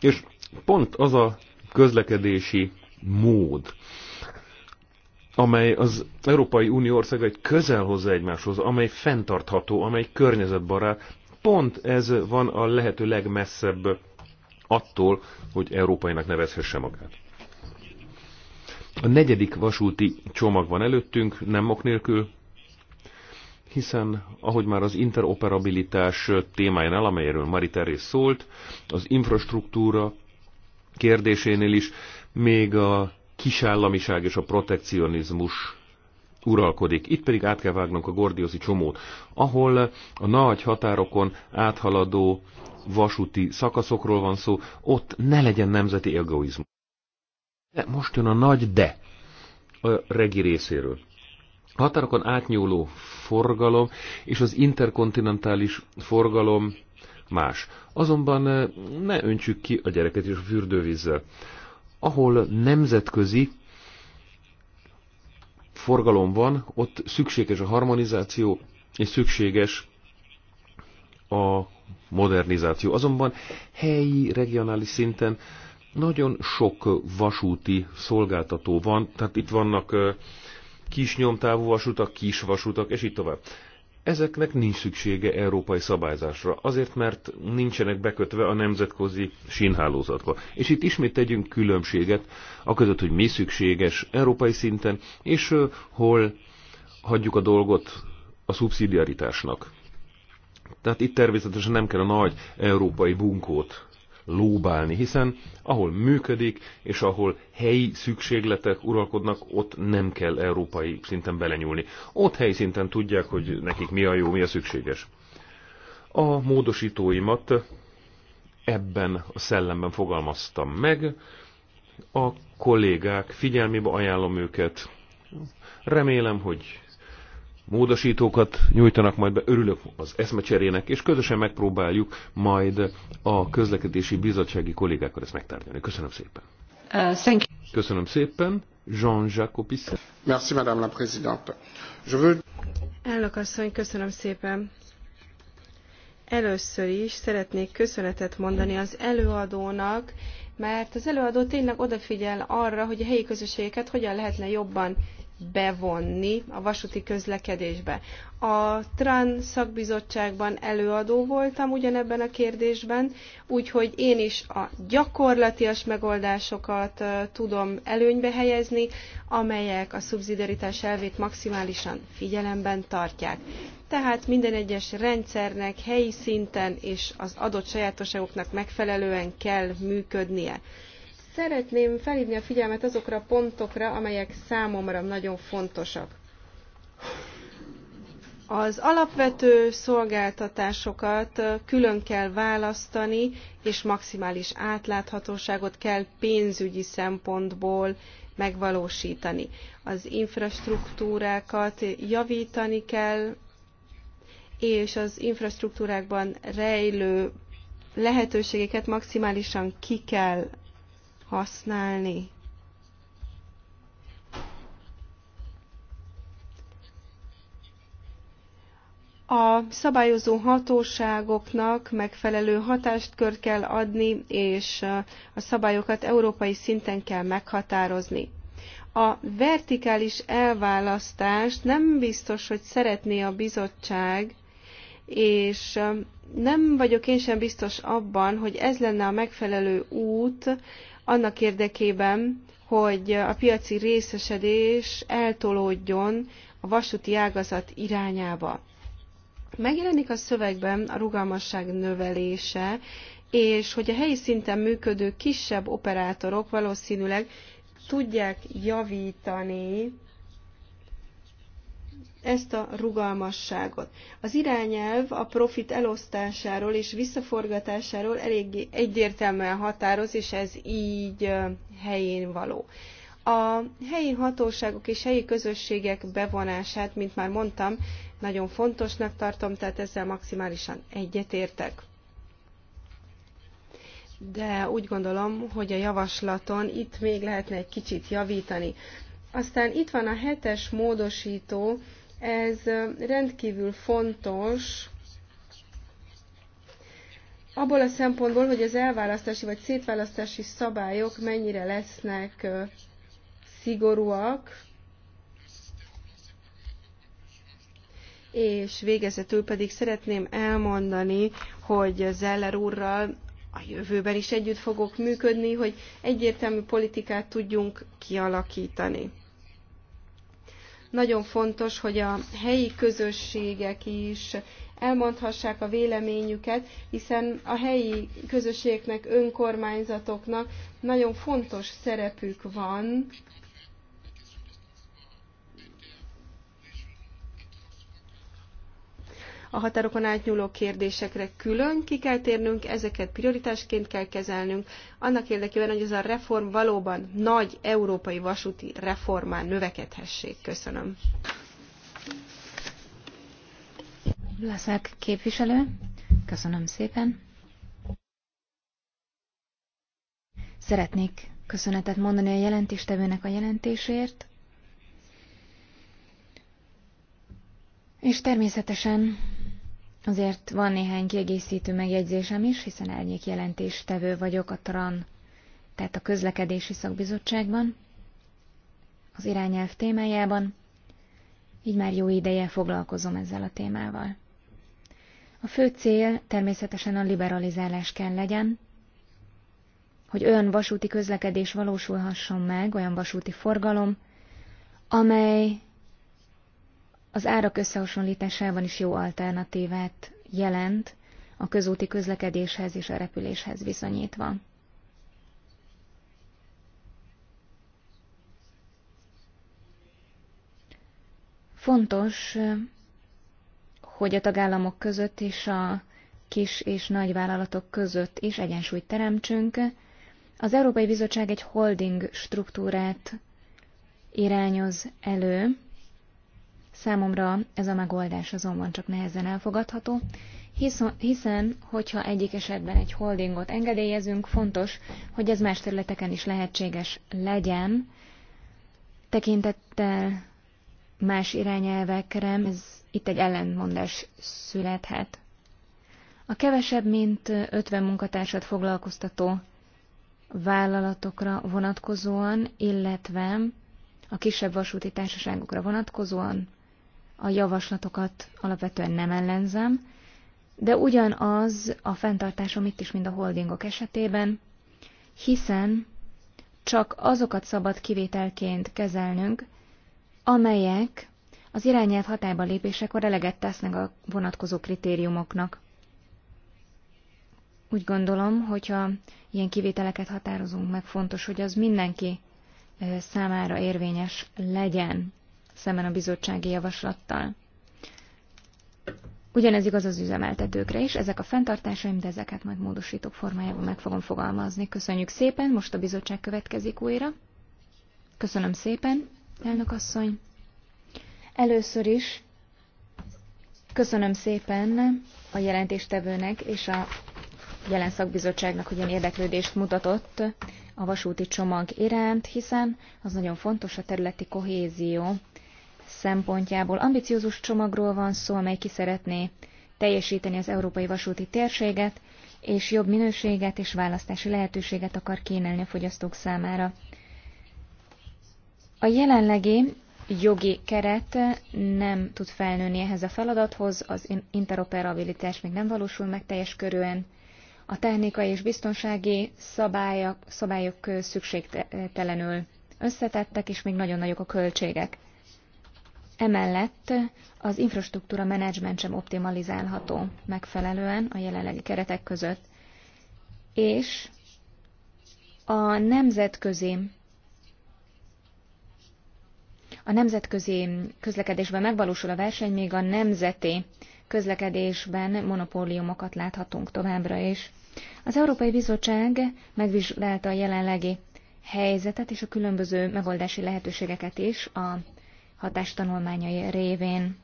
És pont az a közlekedési mód, amely az Európai Unió országait közel hozza egymáshoz, amely fenntartható, amely környezetbarát, pont ez van a lehető legmesszebb attól, hogy európainak nevezhesse magát. A negyedik vasúti csomag van előttünk, nem ok nélkül, hiszen ahogy már az interoperabilitás témájánál, amelyről Mariterés szólt, az infrastruktúra kérdésénél is, még a kisállamiság és a protekcionizmus uralkodik. Itt pedig át kell vágnunk a gordiózi csomót, ahol a nagy határokon áthaladó vasúti szakaszokról van szó, ott ne legyen nemzeti egoizmus. De most jön a nagy de a regi részéről. A határokon átnyúló forgalom és az interkontinentális forgalom más. Azonban eh, ne öntsük ki a gyereket és a fürdővízzel ahol nemzetközi forgalom van, ott szükséges a harmonizáció, és szükséges a modernizáció. Azonban helyi, regionális szinten nagyon sok vasúti szolgáltató van, tehát itt vannak kis nyomtávú vasutak, kis vasutak, és így tovább. Ezeknek nincs szüksége európai szabályzásra, azért mert nincsenek bekötve a nemzetközi sínhálózatba. És itt ismét tegyünk különbséget a között, hogy mi szükséges európai szinten, és hol hagyjuk a dolgot a szubszidiaritásnak. Tehát itt természetesen nem kell a nagy európai bunkót lóbálni, hiszen ahol működik, és ahol helyi szükségletek uralkodnak, ott nem kell európai szinten belenyúlni. Ott helyi szinten tudják, hogy nekik mi a jó, mi a szükséges. A módosítóimat ebben a szellemben fogalmaztam meg, a kollégák figyelmébe ajánlom őket. Remélem, hogy módosítókat nyújtanak majd be, örülök az eszmecserének, és közösen megpróbáljuk majd a közlekedési bizottsági kollégákkal ezt megtárgyalni. Köszönöm szépen. Uh, thank you. Köszönöm szépen. Jean-Jacques Opissa. Merci, Madame la Présidente. Je veux... Elnök asszony, köszönöm szépen. Először is szeretnék köszönetet mondani az előadónak, mert az előadó tényleg odafigyel arra, hogy a helyi közösségeket hogyan lehetne jobban bevonni a vasúti közlekedésbe. A TRAN szakbizottságban előadó voltam ugyanebben a kérdésben, úgyhogy én is a gyakorlatias megoldásokat tudom előnybe helyezni, amelyek a szubszidiaritás elvét maximálisan figyelemben tartják. Tehát minden egyes rendszernek helyi szinten és az adott sajátosságoknak megfelelően kell működnie. Szeretném felhívni a figyelmet azokra a pontokra, amelyek számomra nagyon fontosak. Az alapvető szolgáltatásokat külön kell választani, és maximális átláthatóságot kell pénzügyi szempontból megvalósítani. Az infrastruktúrákat javítani kell, és az infrastruktúrákban rejlő lehetőségeket maximálisan ki kell használni. A szabályozó hatóságoknak megfelelő kör kell adni, és a szabályokat európai szinten kell meghatározni. A vertikális elválasztást nem biztos, hogy szeretné a bizottság, és nem vagyok én sem biztos abban, hogy ez lenne a megfelelő út annak érdekében, hogy a piaci részesedés eltolódjon a vasúti ágazat irányába. Megjelenik a szövegben a rugalmasság növelése, és hogy a helyi szinten működő kisebb operátorok valószínűleg tudják javítani ezt a rugalmasságot. Az irányelv a profit elosztásáról és visszaforgatásáról eléggé egyértelműen határoz, és ez így helyén való. A helyi hatóságok és helyi közösségek bevonását, mint már mondtam, nagyon fontosnak tartom, tehát ezzel maximálisan egyetértek. De úgy gondolom, hogy a javaslaton itt még lehetne egy kicsit javítani. Aztán itt van a hetes módosító, ez rendkívül fontos, abból a szempontból, hogy az elválasztási vagy szétválasztási szabályok mennyire lesznek szigorúak, és végezetül pedig szeretném elmondani, hogy Zeller úrral a jövőben is együtt fogok működni, hogy egyértelmű politikát tudjunk kialakítani. Nagyon fontos, hogy a helyi közösségek is elmondhassák a véleményüket, hiszen a helyi közösségeknek, önkormányzatoknak nagyon fontos szerepük van A határokon átnyúló kérdésekre külön ki kell térnünk, ezeket prioritásként kell kezelnünk, annak érdekében, hogy ez a reform valóban nagy európai vasúti reformán növekedhessék. Köszönöm. Leszek képviselő. Köszönöm szépen. Szeretnék köszönetet mondani a jelentéstevőnek a jelentésért, és természetesen Azért van néhány kiegészítő megjegyzésem is, hiszen elnyék jelentéstevő vagyok a TRAN, tehát a közlekedési szakbizottságban, az irányelv témájában, így már jó ideje foglalkozom ezzel a témával. A fő cél természetesen a liberalizálás kell legyen, hogy olyan vasúti közlekedés valósulhasson meg, olyan vasúti forgalom, amely az árak összehasonlításában is jó alternatívát jelent a közúti közlekedéshez és a repüléshez viszonyítva. Fontos, hogy a tagállamok között és a kis és nagy vállalatok között is egyensúlyt teremtsünk. Az Európai Bizottság egy holding struktúrát irányoz elő, Számomra ez a megoldás azonban csak nehezen elfogadható, hiszen, hogyha egyik esetben egy holdingot engedélyezünk, fontos, hogy ez más területeken is lehetséges legyen, tekintettel más irányelvekre, ez itt egy ellentmondás születhet. A kevesebb, mint 50 munkatársat foglalkoztató vállalatokra vonatkozóan, illetve a kisebb vasúti társaságokra vonatkozóan a javaslatokat alapvetően nem ellenzem, de ugyanaz a fenntartásom itt is, mint a holdingok esetében, hiszen csak azokat szabad kivételként kezelnünk, amelyek az irányelv hatályba lépésekor eleget tesznek a vonatkozó kritériumoknak. Úgy gondolom, hogyha ilyen kivételeket határozunk meg, fontos, hogy az mindenki számára érvényes legyen szemben a bizottsági javaslattal. Ugyanez igaz az üzemeltetőkre is, ezek a fenntartásaim, de ezeket majd módosítók formájában meg fogom fogalmazni. Köszönjük szépen, most a bizottság következik újra. Köszönöm szépen, elnök asszony. Először is köszönöm szépen a jelentéstevőnek és a jelen szakbizottságnak, hogy ilyen érdeklődést mutatott a vasúti csomag iránt, hiszen az nagyon fontos a területi kohézió szempontjából ambiciózus csomagról van szó, amely ki szeretné teljesíteni az európai vasúti térséget, és jobb minőséget és választási lehetőséget akar kínálni a fogyasztók számára. A jelenlegi jogi keret nem tud felnőni ehhez a feladathoz, az interoperabilitás még nem valósul meg teljes körülön, a technikai és biztonsági szabályok, szabályok szükségtelenül összetettek, és még nagyon nagyok a költségek. Emellett az infrastruktúra menedzsment sem optimalizálható megfelelően a jelenlegi keretek között, és a nemzetközi a nemzetközi közlekedésben megvalósul a verseny, még a nemzeti közlekedésben monopóliumokat láthatunk továbbra is. Az Európai Bizottság megvizsgálta a jelenlegi helyzetet és a különböző megoldási lehetőségeket is a hatástanulmányai révén.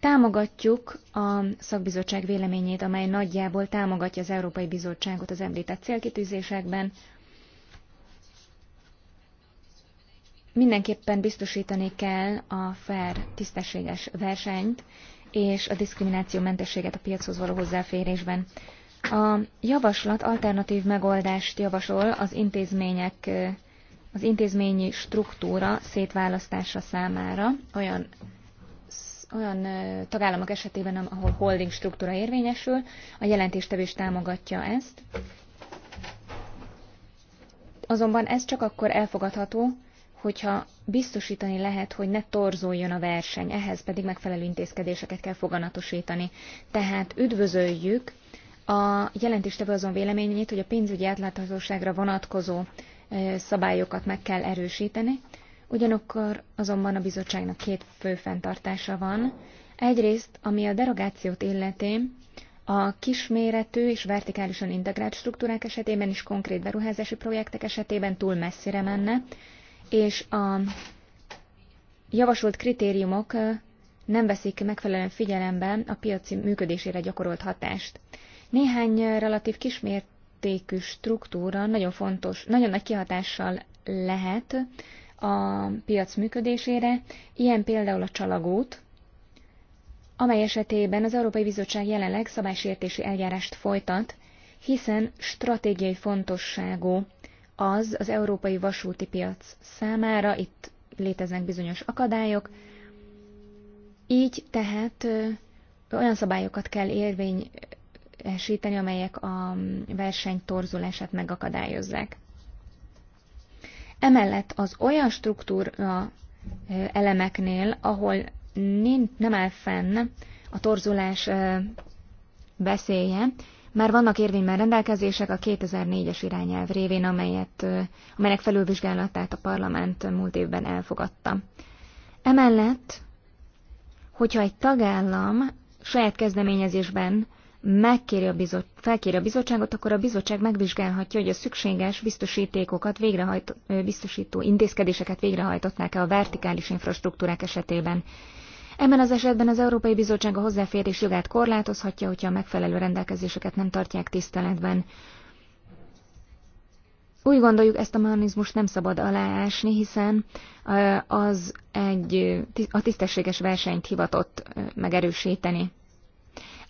Támogatjuk a szakbizottság véleményét, amely nagyjából támogatja az Európai Bizottságot az említett célkitűzésekben. Mindenképpen biztosítani kell a fair, tisztességes versenyt és a diszkriminációmentességet a piachoz való hozzáférésben. A javaslat alternatív megoldást javasol az intézmények az intézményi struktúra szétválasztása számára olyan, olyan tagállamok esetében, ahol holding struktúra érvényesül, a jelentéstevő is támogatja ezt. Azonban ez csak akkor elfogadható, hogyha biztosítani lehet, hogy ne torzuljon a verseny, ehhez pedig megfelelő intézkedéseket kell foganatosítani. Tehát üdvözöljük a jelentéstevő azon véleményét, hogy a pénzügyi átláthatóságra vonatkozó szabályokat meg kell erősíteni. Ugyanakkor azonban a bizottságnak két fő fenntartása van. Egyrészt, ami a derogációt illeti, a kisméretű és vertikálisan integrált struktúrák esetében is konkrét beruházási projektek esetében túl messzire menne, és a javasolt kritériumok nem veszik megfelelően figyelembe a piaci működésére gyakorolt hatást. Néhány relatív kismért mértékű struktúra nagyon fontos, nagyon nagy kihatással lehet a piac működésére, ilyen például a csalagút, amely esetében az Európai Bizottság jelenleg szabálysértési eljárást folytat, hiszen stratégiai fontosságú az az európai vasúti piac számára, itt léteznek bizonyos akadályok, így tehát olyan szabályokat kell érvény, esíteni, amelyek a verseny torzulását megakadályozzák. Emellett az olyan struktúra elemeknél, ahol nem áll fenn a torzulás veszélye, már vannak érvényben rendelkezések a 2004-es irányelv révén, amelyet, amelynek felülvizsgálatát a parlament múlt évben elfogadta. Emellett, hogyha egy tagállam saját kezdeményezésben megkéri a bizot, felkéri a bizottságot, akkor a bizottság megvizsgálhatja, hogy a szükséges biztosítékokat végrehajt, biztosító intézkedéseket végrehajtották-e a vertikális infrastruktúrák esetében. Ebben az esetben az Európai Bizottság a hozzáférés jogát korlátozhatja, hogyha a megfelelő rendelkezéseket nem tartják tiszteletben. Úgy gondoljuk, ezt a mechanizmust nem szabad aláásni, hiszen az egy, a tisztességes versenyt hivatott megerősíteni.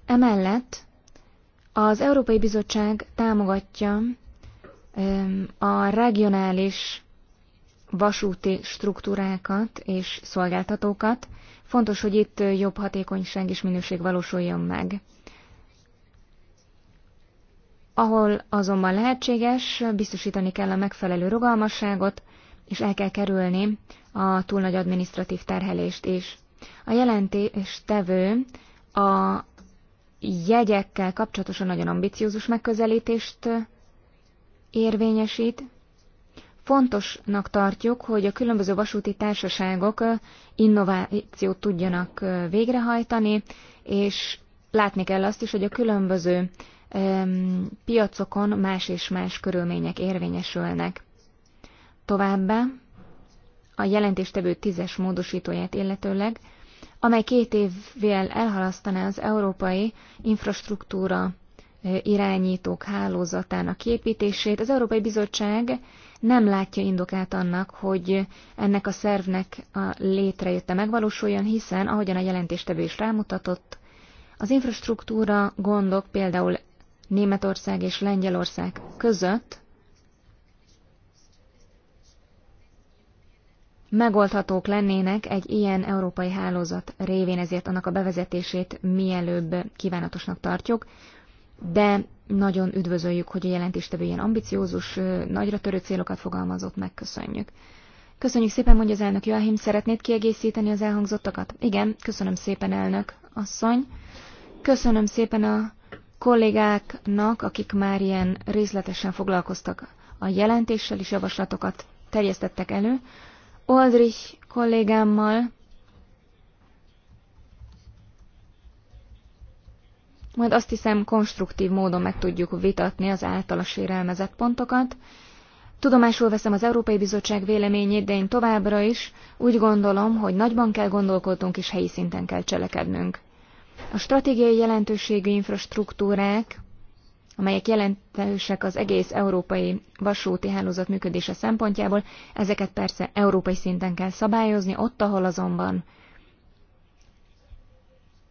Emellett az Európai Bizottság támogatja a regionális vasúti struktúrákat és szolgáltatókat. Fontos, hogy itt jobb hatékonyság és minőség valósuljon meg. Ahol azonban lehetséges, biztosítani kell a megfelelő rugalmasságot, és el kell kerülni a túl nagy adminisztratív terhelést is. A jelentés tevő a jegyekkel kapcsolatosan nagyon ambiciózus megközelítést érvényesít. Fontosnak tartjuk, hogy a különböző vasúti társaságok innovációt tudjanak végrehajtani, és látni kell azt is, hogy a különböző piacokon más és más körülmények érvényesülnek. Továbbá a jelentéstevő tízes módosítóját illetőleg amely két évvel elhalasztaná az európai infrastruktúra irányítók hálózatának képítését. Az Európai Bizottság nem látja indokát annak, hogy ennek a szervnek a létrejötte megvalósuljon, hiszen, ahogyan a jelentéstevő is rámutatott, az infrastruktúra gondok például Németország és Lengyelország között megoldhatók lennének egy ilyen európai hálózat révén, ezért annak a bevezetését mielőbb kívánatosnak tartjuk, de nagyon üdvözöljük, hogy a jelentéstevő ilyen ambiciózus, nagyra törő célokat fogalmazott meg, köszönjük. Köszönjük szépen, mondja az elnök Joachim, szeretnéd kiegészíteni az elhangzottakat? Igen, köszönöm szépen, elnök asszony. Köszönöm szépen a kollégáknak, akik már ilyen részletesen foglalkoztak a jelentéssel és javaslatokat terjesztettek elő. Oldrich kollégámmal, majd azt hiszem konstruktív módon meg tudjuk vitatni az általa sérelmezett pontokat. Tudomásul veszem az Európai Bizottság véleményét, de én továbbra is úgy gondolom, hogy nagyban kell gondolkodnunk és helyi szinten kell cselekednünk. A stratégiai jelentőségű infrastruktúrák amelyek jelentősek az egész európai vasúti hálózat működése szempontjából. Ezeket persze európai szinten kell szabályozni, ott, ahol azonban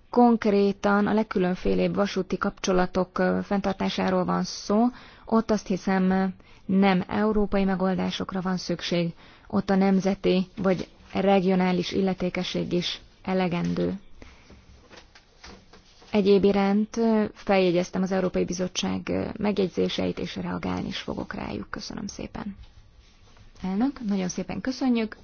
konkrétan a legkülönfélébb vasúti kapcsolatok fenntartásáról van szó, ott azt hiszem nem európai megoldásokra van szükség, ott a nemzeti vagy regionális illetékesség is elegendő. Egyéb iránt feljegyeztem az Európai Bizottság megjegyzéseit, és reagálni is fogok rájuk. Köszönöm szépen. Elnök, nagyon szépen köszönjük.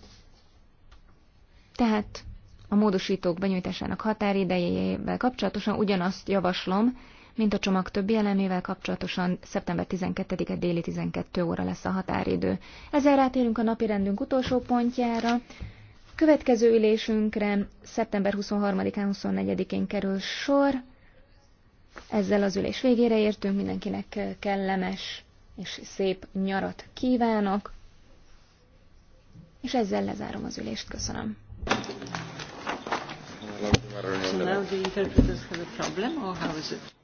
Tehát a módosítók benyújtásának határidejével kapcsolatosan ugyanazt javaslom, mint a csomag többi elemével kapcsolatosan szeptember 12-e déli 12 óra lesz a határidő. Ezzel rátérünk a napirendünk utolsó pontjára, Következő ülésünkre szeptember 23-án, 24-én kerül sor. Ezzel az ülés végére értünk, mindenkinek kellemes és szép nyarat kívánok, és ezzel lezárom az ülést. Köszönöm. So now the interpreters have a problem, or how is it?